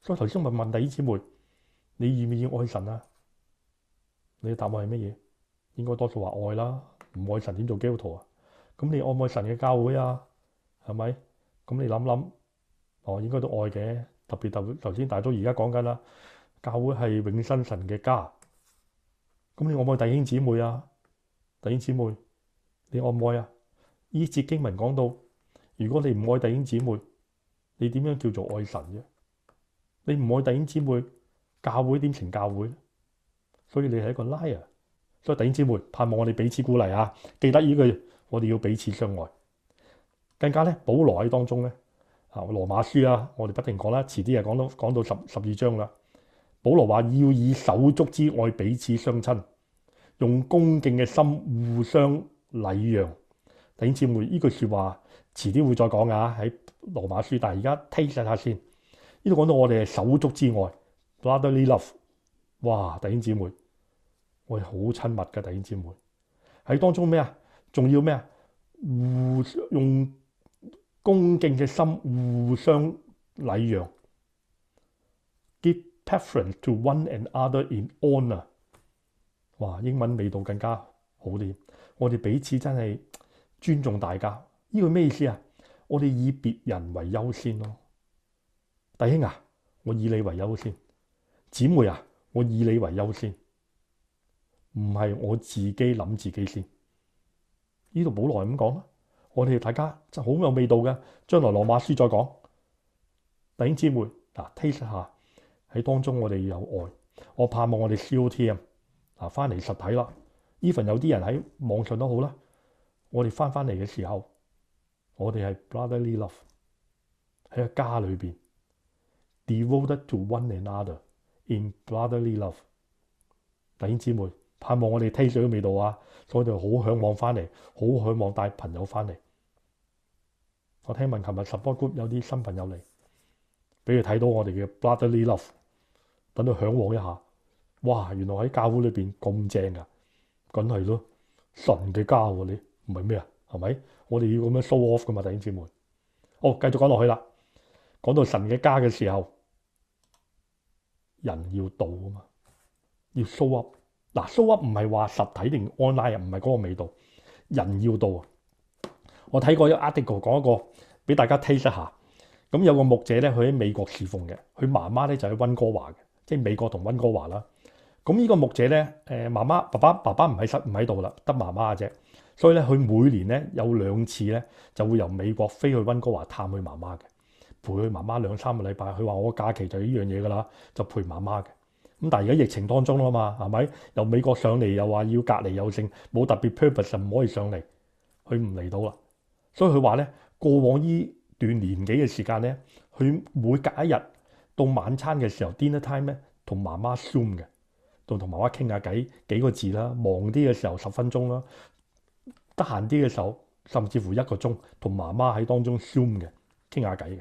所以頭先我問問弟兄姊妹，你願唔願愛神啊？你嘅答案係乜嘢？應該多數話愛啦。唔愛神點做基督徒啊？咁你愛唔愛神嘅教會啊？係咪？咁你諗諗，哦，應該都愛嘅。特別頭頭先大都而家講緊啦，教會係永生神嘅家。咁你愛唔愛弟兄姊妹啊？弟兄姊妹，你愛唔愛啊？呢節經文講到，如果你唔愛弟兄姊妹，你點樣叫做愛神啫？你唔愛弟兄姊妹，教會點成教會？所以你係一個 liar。所以弟兄姊妹，盼望我哋彼此鼓勵啊！記得依句。我哋要彼此相愛，更加咧。保羅喺當中咧，啊，羅馬書啊，我哋不停講啦。遲啲又講到講到十十二章啦。保羅話要以手足之愛彼此相親，用恭敬嘅心互相禮讓。弟兄姊妹，呢句説話遲啲會再講噶，喺羅馬書，但係而家睇晒下先。呢度講到我哋係手足之愛，brotherly love，哇！弟兄姊妹，我哋好親密嘅弟兄姊妹喺當中咩啊？仲要咩啊？互相用恭敬嘅心，互相禮讓，Give preference to one another in honor。哇！英文味道更加好啲。我哋彼此真係尊重大家。呢個咩意思啊？我哋以別人為優先咯。弟兄啊，我以你為優先。姊妹啊，我以你為優先。唔係我自己諗自己先。呢度冇耐咁講啦，我哋大家就好有味道嘅，將來羅馬書再講。弟兄姊妹，嗱、啊、，taste 下喺當中，我哋有愛，我盼望我哋 COT 啊，嗱，翻嚟實體啦，even 有啲人喺網上都好啦，我哋翻翻嚟嘅時候，我哋係 brotherly love 喺個家裏面 d e v o t e d to one another in brotherly love。弟兄姊妹。盼望我哋 take 水嘅味道啊，所以就好向往翻嚟，好向往帶朋友翻嚟。我聽聞琴日 Support Group 有啲新朋友嚟，畀佢睇到我哋嘅 brotherly love，等佢向往一下，哇！原來喺家屋裏邊咁正噶、啊，梗係咯神嘅家喎、啊，你唔係咩啊？係咪？我哋要咁樣 show off 噶嘛，弟兄姊妹。哦，繼續講落去啦，講到神嘅家嘅時候，人要到啊嘛，要 show up。嗱 show up 唔係話實體定 online 啊，唔係嗰個味道，人要到啊！我睇過有 article 講一個，俾大家 taste 下。咁有個牧者咧，佢喺美國侍奉嘅，佢媽媽咧就喺、是、溫哥華嘅，即係美國同溫哥華啦。咁呢個牧者咧，誒媽媽爸爸爸爸唔喺室唔喺度啦，得媽媽啊啫。所以咧，佢每年咧有兩次咧，就會由美國飛去溫哥華探佢媽媽嘅，陪佢媽媽兩三個禮拜。佢話：我假期就係呢樣嘢㗎啦，就陪媽媽嘅。咁但係而家疫情當中吖嘛，係咪由美國上嚟又話要隔離又剩冇特別 purpose 唔可以上嚟，佢唔嚟到啦。所以佢話咧，過往呢段年紀嘅時間咧，佢每隔一日到晚餐嘅時候 dinner time 咧，同媽媽 zoom 嘅，同同媽媽傾下偈幾個字啦，忙啲嘅時候十分鐘啦，得閒啲嘅時候甚至乎一個鐘，同媽媽喺當中 zoom 嘅傾下偈嘅。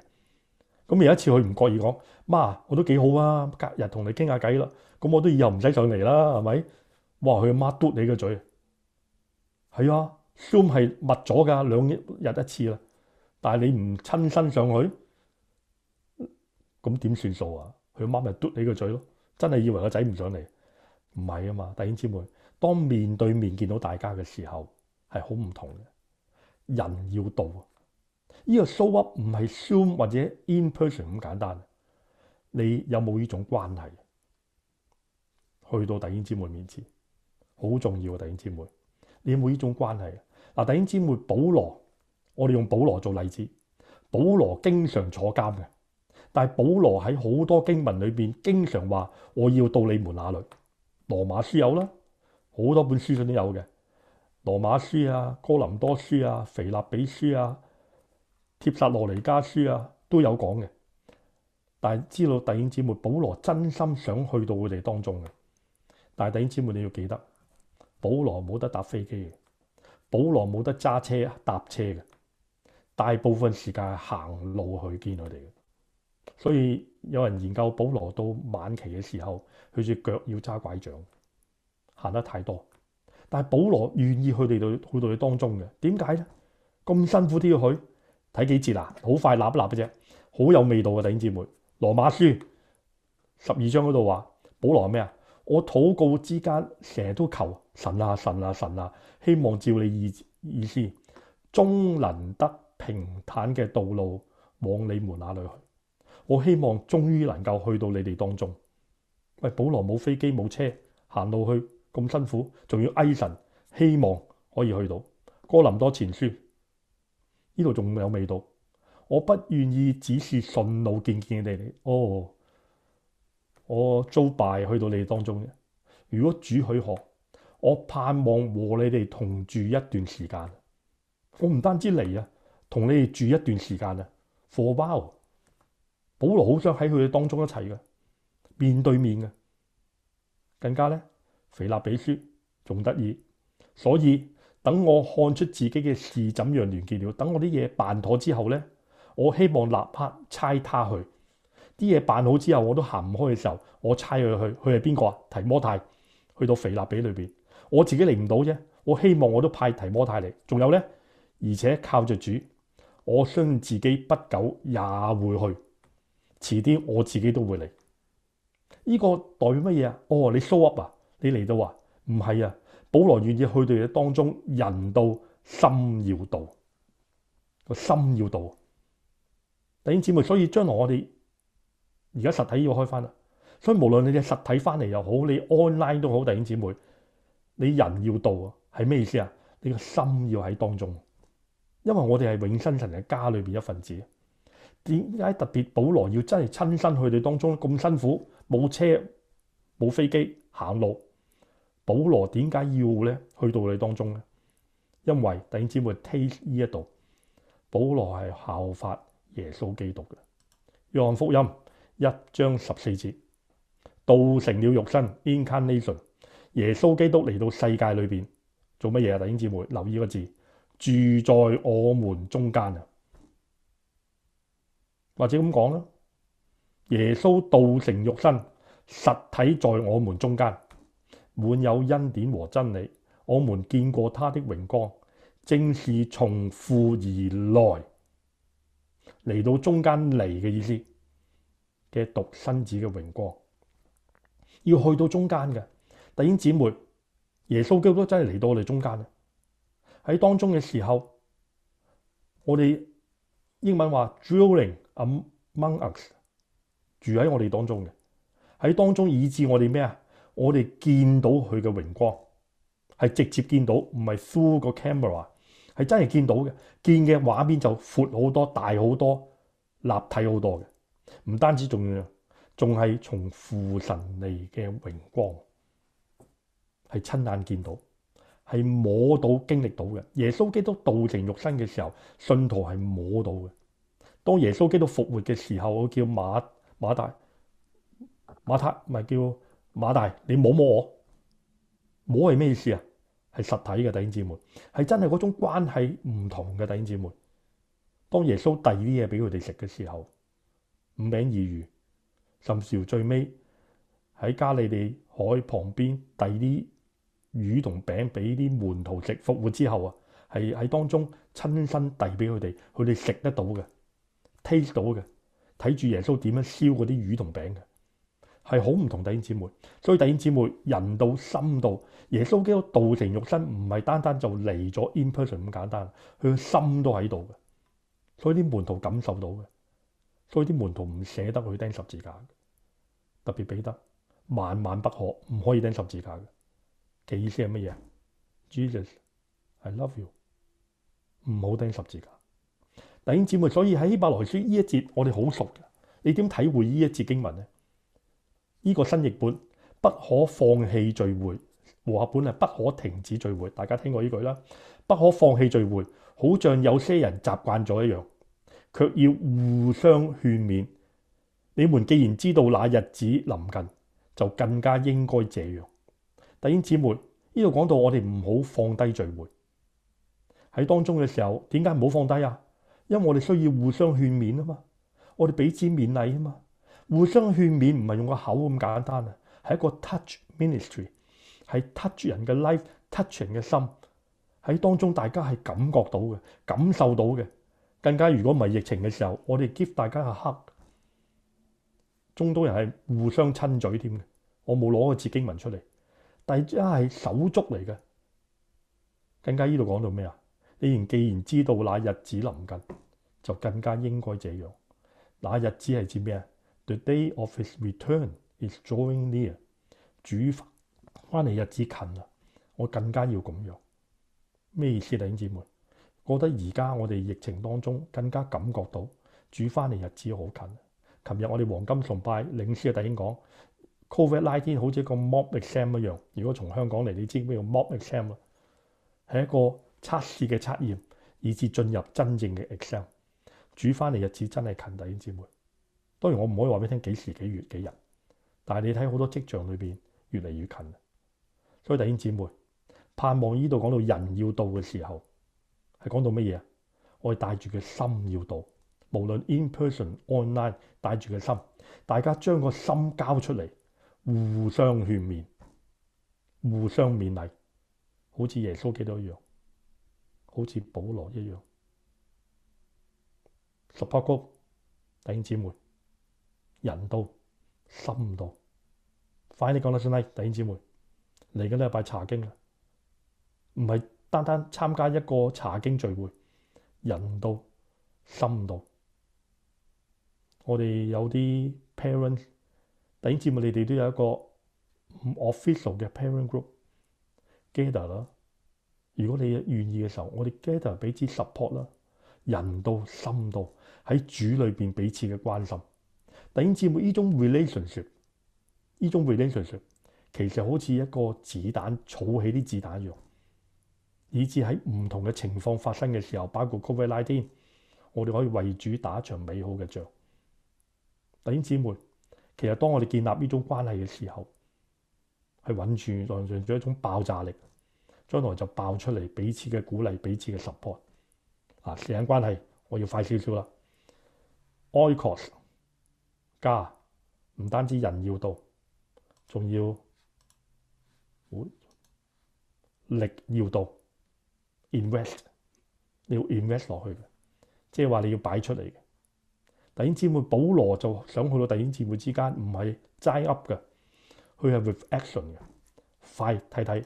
咁有一次佢唔覺意講：媽，我都幾好啊，隔日同你傾下偈啦。咁我都以後唔使上嚟啦，係咪？哇！佢媽嘟你個嘴，係啊 s o m 係密咗㗎，兩日一次啦。但係你唔親身上去，咁點算數啊？佢媽咪嘟你個嘴咯，真係以為個仔唔上嚟，唔係啊嘛，弟兄姊妹，當面對面見到大家嘅時候係好唔同嘅，人要到啊！呢個 show up 唔係 Zoom 或者 in person 咁簡單。你有冇呢種關係去到弟兄姊妹面前？好重要啊！弟兄姊妹，你有冇呢種關係啊？嗱，弟兄姊妹，保羅，我哋用保羅做例子。保羅經常坐監嘅，但係保羅喺好多經文裏邊經常話：我要到你們那裡。羅馬書有啦，好多本書信都有嘅。羅馬書啊，哥林多書啊，腓立比書啊。劫撒羅尼迦書啊，都有講嘅。但係知道弟兄姊妹，保羅真心想去到佢哋當中嘅。但係弟兄姊妹，你要記得保羅冇得搭飛機嘅，保羅冇得揸車搭車嘅，大部分時間係行路去見佢哋嘅。所以有人研究保羅到晚期嘅時候，佢隻腳要揸拐杖，行得太多。但係保羅願意去佢哋去佢哋當中嘅，點解咧？咁辛苦都要去。睇幾節啊？好快立一立嘅啫，好有味道嘅弟兄姊妹。羅馬書十二章嗰度話：保羅係咩？我禱告之間成日都求神啊神啊神啊，希望照你意意思，終能得平坦嘅道路往你們那裏去。我希望終於能夠去到你哋當中。喂，保羅冇飛機冇車，行路去咁辛苦，仲要哀神，希望可以去到哥林多前書。呢度仲有味道，我不願意只是順路見見你哋。哦，我遭拜去到你哋當中。如果主許可，我盼望和你哋同住一段時間。我唔單止嚟啊，同你哋住一段時間啊。For b 保羅好想喺佢哋當中一齊面對面嘅，更加呢，腓立比書仲得意，所以。等我看出自己嘅事怎樣連結了，等我啲嘢辦妥之後呢，我希望立刻差他去。啲嘢辦好之後，我都行唔開嘅時候，我差佢去。佢係邊個啊？提摩太去到腓立比裏面，我自己嚟唔到啫。我希望我都派提摩太嚟。仲有呢，而且靠着主，我相信自己不久也會去。遲啲我自己都會嚟。這個代表乜嘢啊？哦，你 show up 啊？你嚟到啊？唔係啊？保羅願意去到嘅當中，人到心要到，個心要到。弟兄姊妹，所以將來我哋而家實體要開翻啦。所以無論你哋實體翻嚟，又好，你 online 都好，弟兄姊妹，你人要到啊，係咩意思啊？你個心要喺當中，因為我哋係永生神嘅家裏邊一份子。點解特別保羅要真係親身去到佢哋當中咁辛苦，冇車冇飛機行路？保羅點解要去到你當中呢？因為弟兄姊妹 take 呢一度，保羅係效法耶穌基督嘅。《約翰福音》一章十四節，道成了肉身，incarnation。耶穌基督嚟到世界裏面，做乜嘢啊？弟兄姊妹留意個字，住在我們中間。或者咁講啦，耶穌道成肉身，實體在我們中間。滿有恩典和真理，我們見過他的榮光，正是從父而來，嚟到中間嚟嘅意思嘅獨生子嘅榮光，要去到中間嘅。弟兄姊妹，耶穌基督都真係嚟到我哋中間啊！喺當中嘅時候，我哋英文話 dwelling among us，住喺我哋當中嘅，喺當中以致我哋咩麼？我哋見到佢嘅榮光係直接見到，唔係 through 個 camera 係真係見到嘅。見嘅畫面就闊好多，大好多，立體好多嘅。唔單止仲要，仲係從父神嚟嘅榮光係親眼見到，係摸到經歷到嘅。耶穌基督道成肉身嘅時候，信徒係摸到嘅。當耶穌基督復活嘅時候，我叫馬馬大馬太咪叫。馬大，你摸摸我，摸係咩意思啊？係實體嘅弟兄姊妹，係真係嗰種關係唔同嘅弟兄姊妹。當耶穌遞啲嘢俾佢哋食嘅時候，五餅二魚，甚至乎最尾喺加利利海旁邊遞啲魚同餅俾啲門徒食，復活之後啊，係喺當中親身遞俾佢哋，佢哋食得到嘅，taste 到嘅，睇住耶穌點樣燒嗰啲魚同餅嘅。係好唔同弟兄姊妹，所以弟兄姊妹人到心到，耶穌基督道成肉身唔係單單就嚟咗 in person 咁簡單，佢心都喺度嘅，所以啲門徒感受到嘅，所以啲門徒唔捨得去釘十字架，特別彼得萬萬不可唔可以釘十字架嘅嘅意思係乜嘢？Jesus，I love you，唔好釘十字架。弟兄姊妹，所以喺希伯來書呢一節我哋好熟㗎。你點體會呢一節經文咧？呢個新譯本不可放棄聚會，和合本係不可停止聚會。大家聽過呢句啦？不可放棄聚會，好像有些人習慣咗一樣，卻要互相勸勉。你們既然知道那日子臨近，就更加應該這樣。弟兄姊妹，呢度講到我哋唔好放低聚會喺當中嘅時候，點解唔好放低啊？因為我哋需要互相勸勉啊嘛，我哋彼此勉勵啊嘛。互相勸勉唔係用個口咁簡單啊，係一個 touch ministry，係 touch 人嘅 life，touch 人嘅心喺當中。大家係感覺到嘅，感受到嘅更加。如果唔係疫情嘅時候，我哋 give 大家 a hug。中東人係互相親嘴添嘅。我冇攞個字經文出嚟，但係真係手足嚟嘅更加。依度講到咩啊？你然既然知道那日子臨近，就更加應該這樣。那日子係指咩啊？The day of his return is drawing near。主翻嚟日子近啦，我更加要咁樣。咩意思？弟兄姊妹，我覺得而家我哋疫情當中更加感覺到主翻嚟日子好近。琴日我哋黃金崇拜領詩嘅弟兄講，COVID nineteen 好似一個 mock exam 一樣。如果從香港嚟，你知咩叫 mock exam 咯？係一個測試嘅測驗，以致進入真正嘅 exam。主翻嚟日子真係近，弟兄姊妹。當然我唔可以話俾你聽幾時幾月幾日，但係你睇好多跡象裏邊越嚟越近。所以弟兄姊妹，盼望呢度講到人要到嘅時候，係講到乜嘢？我哋帶住嘅心要到，無論 in person online，帶住嘅心，大家將個心交出嚟，互相勸勉，互相勉勵，好似耶穌基督一樣，好似保羅一樣。十八哥，弟兄姊妹。人到心到，快啲你講得真係弟兄姊妹嚟緊禮拜茶經啦，唔係單單參加一個茶經聚會。人到心到，我哋有啲 parent 弟兄姊妹，你哋都有一個 official 嘅 parent group gather 啦。如果你願意嘅時候，我哋 gather 彼此 support 啦，人到心到，喺主裏面彼此嘅關心。弟兄姊妹，依種 relationship，依種 relationship 其實好似一個子彈，儲起啲子彈一樣，以至喺唔同嘅情況發生嘅時候，包括 COVID-19，我哋可以為主打一場美好嘅仗。弟兄姊妹，其實當我哋建立依種關係嘅時候，係穩住，醞釀咗一種爆炸力，將來就爆出嚟，彼此嘅鼓勵，彼此嘅 support。啊，時間關係，我要快少少啦。Oikos 家，唔單止人要到，仲要、哦、力要到，invest 你要 invest 落去嘅，即係話你要擺出嚟嘅。弟兄姊妹，保羅就想去到弟兄姊妹之間，唔係齋 up 嘅，佢係 with action 嘅。快睇睇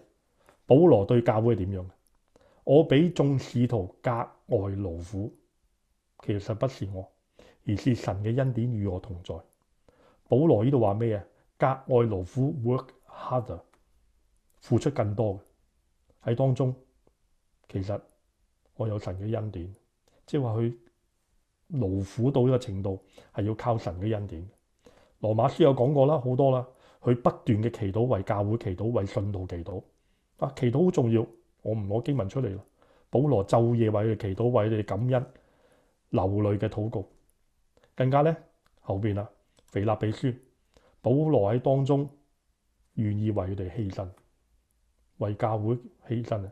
保羅對教會係點樣嘅。我比眾使徒格外勞苦，其實不是我，而是神嘅恩典與我同在。保羅呢度話咩啊？格外勞苦，work harder，付出更多嘅喺當中。其實我有神嘅恩典，即係話佢勞苦到呢個嘅程度係要靠神嘅恩典。羅馬書有講過啦，好多啦，佢不斷嘅祈禱，為教會祈禱，為信徒祈禱啊。祈禱好重要，我唔攞經文出嚟啦。保羅晝夜為佢祈禱，為佢哋感恩流淚嘅禱告，更加咧後邊啦。腓立比書，保羅喺當中願意為佢哋犧牲，為教會犧牲啊！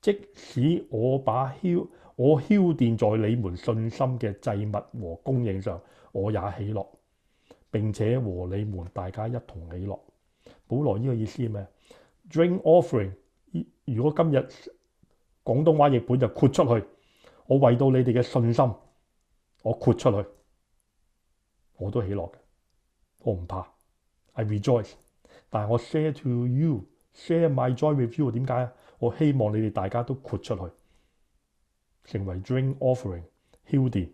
即使我把澆我澆奠在你們信心嘅祭物和供應上，我也喜樂，並且和你們大家一同喜樂。保羅呢個意思係咩？Drink offering，如果今日廣東話譯本就豁出去，我為到你哋嘅信心，我豁出去，我都喜樂嘅。我唔怕，I rejoice，但係我 share to you，share my joy with you。點解啊？我希望你哋大家都豁出去，成為 drink offering，獻殿。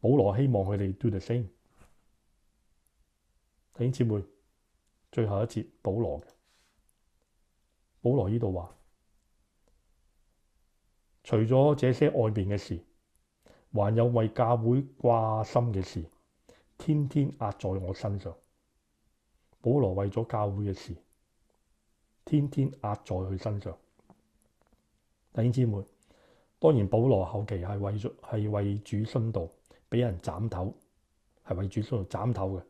保羅希望佢哋 do the same。弟兄姊妹，最後一節，保羅。保羅呢度話，除咗這些外面嘅事，還有為教會掛心嘅事。天天壓在我身上，保羅為咗教會嘅事，天天壓在佢身上。弟兄姊妹，當然保羅後期係為係為主殉道，俾人斬頭，係為主殉道斬頭嘅。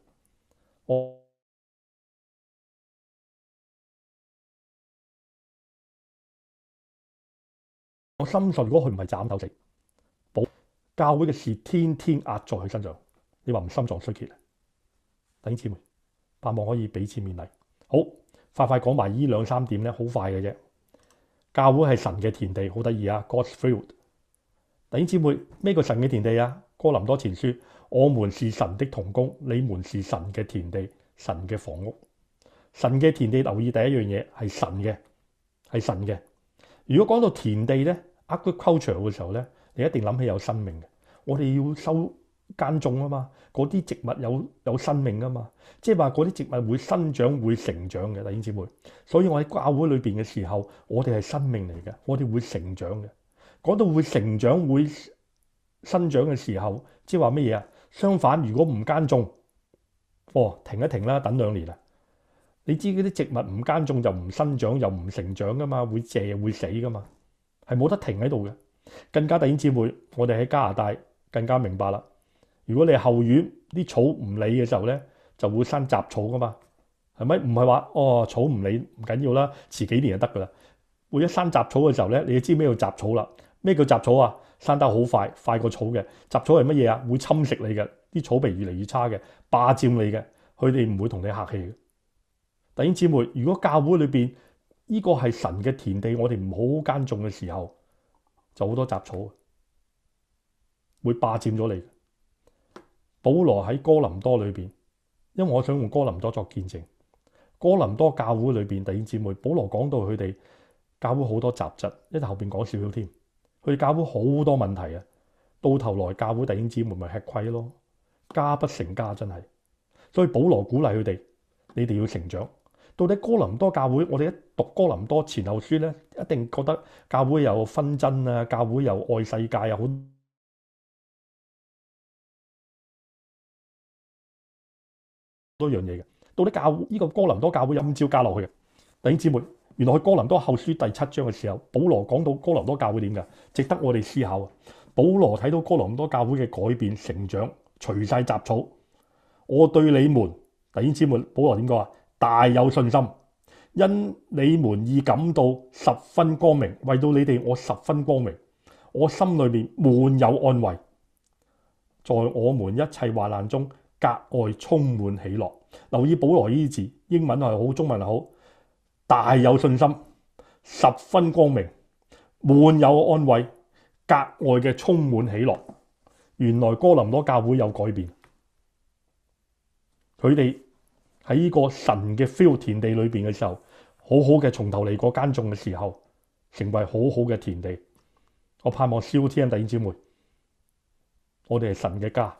我深信不，如果佢唔係斬頭死，保教會嘅事天天壓在佢身上。你話唔心臟衰竭？弟兄姊妹，盼望可以俾次勉勵。好，快快講埋依兩三點咧，好快嘅啫。教會係神嘅田地，好得意啊。God’s field。弟兄姊妹，咩叫神嘅田地啊？哥林多前書，我們是神的同工，你們是神嘅田地、神嘅房屋。神嘅田地留意第一樣嘢係神嘅，係神嘅。如果講到田地咧，agriculture 嘅時候咧，你一定諗起有生命嘅。我哋要收。間種啊嘛，嗰啲植物有有生命啊嘛，即係話嗰啲植物會生長會成長嘅。弟兄姊妹，所以我喺教會裏邊嘅時候，我哋係生命嚟嘅，我哋會成長嘅。嗰度會成長會生長嘅時候，即係話乜嘢啊？相反，如果唔間種，哦，停一停啦，等兩年啦。你知嗰啲植物唔間種就唔生長，又唔成長噶嘛，會謝會死噶嘛，係冇得停喺度嘅。更加弟兄姊妹，我哋喺加拿大更加明白啦。如果你後院，啲草唔理嘅時候咧，就會生雜草噶嘛，係咪？唔係話哦，草唔理唔緊要啦，遲幾年就得噶啦。會一生雜草嘅時候咧，你就知咩叫雜草啦。咩叫雜草啊？生得好快，快過草嘅雜草係乜嘢啊？會侵蝕你嘅，啲草皮越嚟越差嘅，霸佔你嘅，佢哋唔會同你客氣嘅。弟兄姊妹，如果教會裏面，呢個係神嘅田地，我哋唔好耕種嘅時候，就好多雜草，會霸佔咗你。保羅喺哥林多裏邊，因為我想用哥林多作見證。哥林多教會裏邊弟兄姊妹，保羅講到佢哋教會好多雜質，一係後邊講少少添，佢教會好多問題啊。到頭來教會弟兄姊妹咪吃虧咯，家不成家真係。所以保羅鼓勵佢哋，你哋要成長。到底哥林多教會，我哋一讀哥林多前後書咧，一定覺得教會又紛爭啦，教會又愛世界又好。多樣嘢嘅，到啲教呢、這個哥林多教會有五招加落去嘅，弟兄姊妹，原來去哥林多後書第七章嘅時候，保羅講到哥林多教會點噶，值得我哋思考。保羅睇到哥林多教會嘅改變、成長，除晒雜草，我對你們，弟兄姊妹，保羅點講啊？大有信心，因你們已感到十分光明，為到你哋我十分光明，我心裏面滿有安慰，在我們一切患難中。格外充滿喜樂，留意“保羅”呢字，英文又好，中文又好，大有信心，十分光明，滿有安慰，格外嘅充滿喜樂。原來哥林多教會有改變，佢哋喺呢個神嘅 field 田地裏面嘅時候，好好嘅從頭嚟過耕種嘅時候，成為好好嘅田地。我盼望燒天弟兄姊妹，我哋係神嘅家。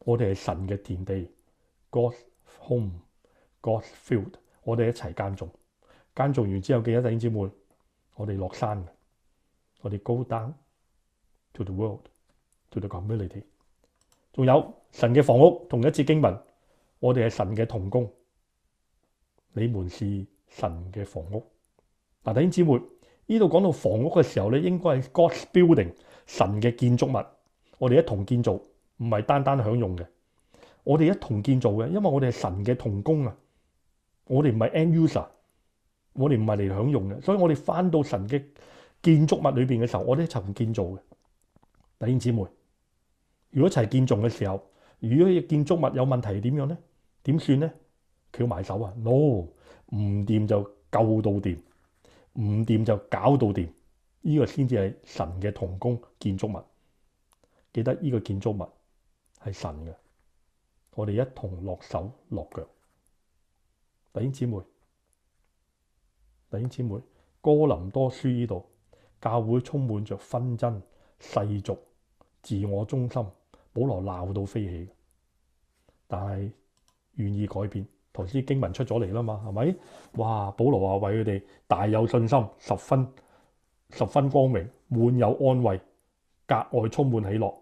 我哋係神嘅田地，God’s home, God’s field。我哋一齊耕種，耕種完之後，記得弟兄姊妹，我哋落山，我哋 go down to the world, to the community。仲有神嘅房屋，同一節經文，我哋係神嘅同工，你們是神嘅房屋。嗱，弟兄姊妹，呢度講到房屋嘅時候咧，應該係 God’s building，神嘅建築物，我哋一同建造。唔係單單享用嘅，我哋一同建造嘅，因為我哋係神嘅同工啊。我哋唔係 end user，我哋唔係嚟享用嘅。所以我哋翻到神嘅建築物裏面嘅時候，我哋一齊建造嘅。弟兄姊妹，如果一齊建造嘅時候，如果建築物有問題點樣咧？點算咧？翹埋手啊！no，唔掂就救到掂，唔掂就搞到掂。呢個先至係神嘅同工建築物。記得呢個建築物。係神的，我哋一同落手落腳。弟兄姊妹，弟兄姊妹，哥林多書呢度，教會充滿着紛爭、世俗、自我中心，保羅鬧到飛起。但係願意改變，頭先經文出咗嚟啦嘛，係咪？哇！保羅話為佢哋大有信心，十分十分光明，滿有安慰，格外充滿喜樂。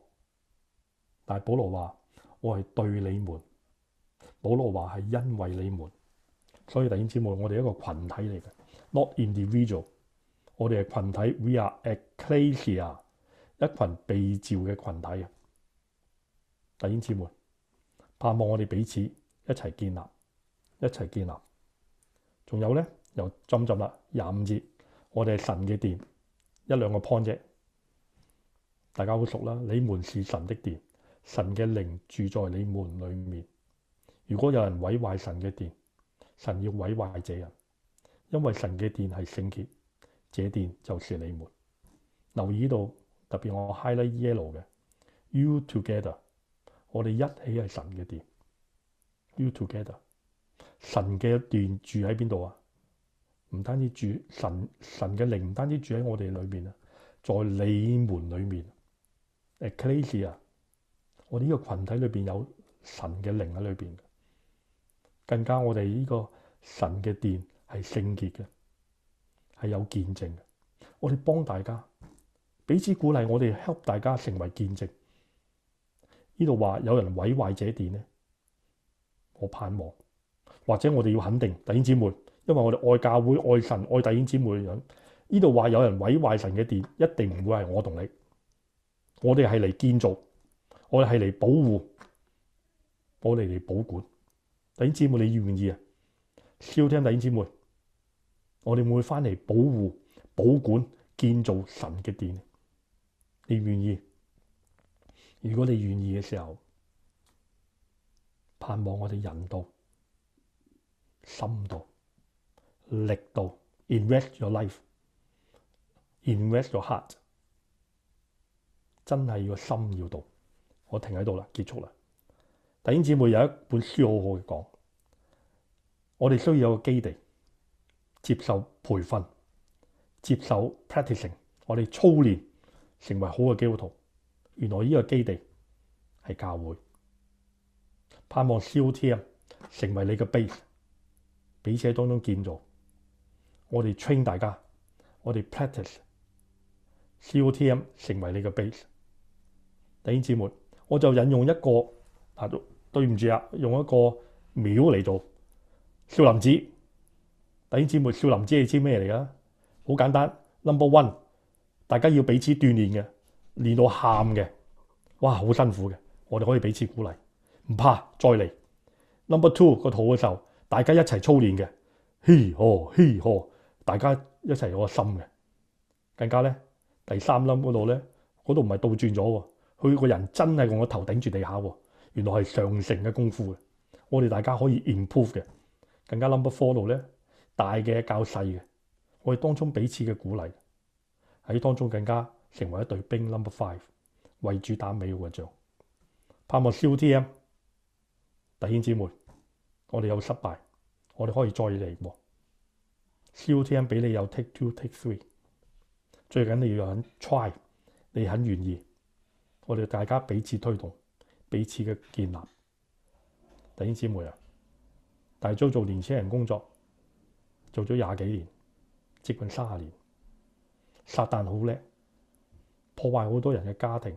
但係，保羅話我係對你們。保羅話係因為你們，所以弟兄姊妹，我哋一個群體嚟嘅。Not individual，我哋係群體。We are ecclesia 啊，一群被召嘅群體啊。弟兄姊妹，盼望我哋彼此一齊建立，一齊建立。仲有咧，又浸浸啦，廿五節，我哋係神嘅殿，一兩個 point，啫，大家好熟啦。你們是神的殿。神嘅靈住在你門裏面。如果有人毀壞神嘅殿，神要毀壞這人，因為神嘅殿係聖潔。這殿就是你們留意到，特別我 highlight yellow 嘅，you together，我哋一起係神嘅殿。you together，神嘅殿住喺邊度啊？唔單止住神神嘅靈，唔單止住喺我哋裏面啊，在你門裏面。Ecclesia 我哋呢個群體裏邊有神嘅靈喺裏邊，更加我哋呢個神嘅殿係聖潔嘅，係有見證嘅。我哋幫大家彼此鼓勵，我哋 help 大家成為見證。呢度話有人毀壞這殿呢，我盼望或者我哋要肯定弟兄姊妹，因為我哋愛教會、愛神、愛弟兄姊妹。呢度話有人毀壞神嘅殿，一定唔會係我同你。我哋係嚟建造。我哋係嚟保護，我哋嚟保管。弟兄姊妹，你願意啊？聽，弟兄姊妹，我哋會返嚟保護、保管、建造神嘅殿。你願意？如果你願意嘅時候，盼望我哋人到、心到、力到，invest your life，invest your heart，真係要心要到。我停喺度啦，結束啦。弟兄姊妹，有一本書好好嘅，講，我哋需要有個基地，接受培訓，接受 practicing，我哋操練成為好嘅基督徒。原來呢個基地係教會，盼望 COTM 成為你嘅 base。彼此當中建造，我哋 train 大家，我哋 practice，COTM 成為你嘅 base。弟兄姊妹。我就引用一個，啊，對唔住啊，用一個廟嚟做少林寺。弟兄姊妹少林寺係知咩嚟噶？好簡單，number one，大家要彼此鍛鍊嘅，練到喊嘅，哇，好辛苦嘅。我哋可以彼此鼓勵，唔怕再嚟。number two 個肚嘅時候，大家一齊操練嘅，嘿呵嘿呵，大家一齊有個心嘅。更加咧，第三粒嗰度咧，嗰度唔係倒轉咗喎。佢個人真係用個頭頂住地下喎、哦，原來係上乘嘅功夫嘅。我哋大家可以 improve 嘅，更加 number four 度咧大嘅教細嘅。我哋當中彼此嘅鼓勵喺當中更加成為一隊兵 number five 為主打尾嗰仗。盼望 COTM 弟兄姊妹，我哋有失敗，我哋可以再嚟喎。COTM 俾你有 take two take three，最緊你要肯 try，你肯願意。我哋大家彼此推動，彼此嘅建立。弟兄姊妹啊，大周做年青人工作做咗廿幾年，接近三十年。撒旦好叻，破壞好多人嘅家庭。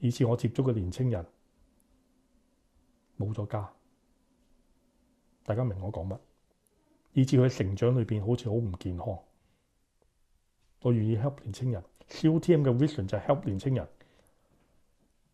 以至我接觸嘅年青人冇咗家，大家明我講乜？以至佢成長裏面好似好唔健康。我願意 help 年青人，COTM 嘅 vision 就係 help 年青人。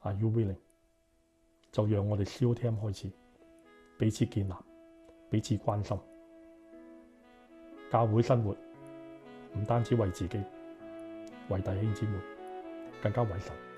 啊，Are you willing，就讓我哋 C、O、T、M 開始，彼此建立、彼此關心，教會生活唔單止為自己，為弟兄姊妹，更加為神。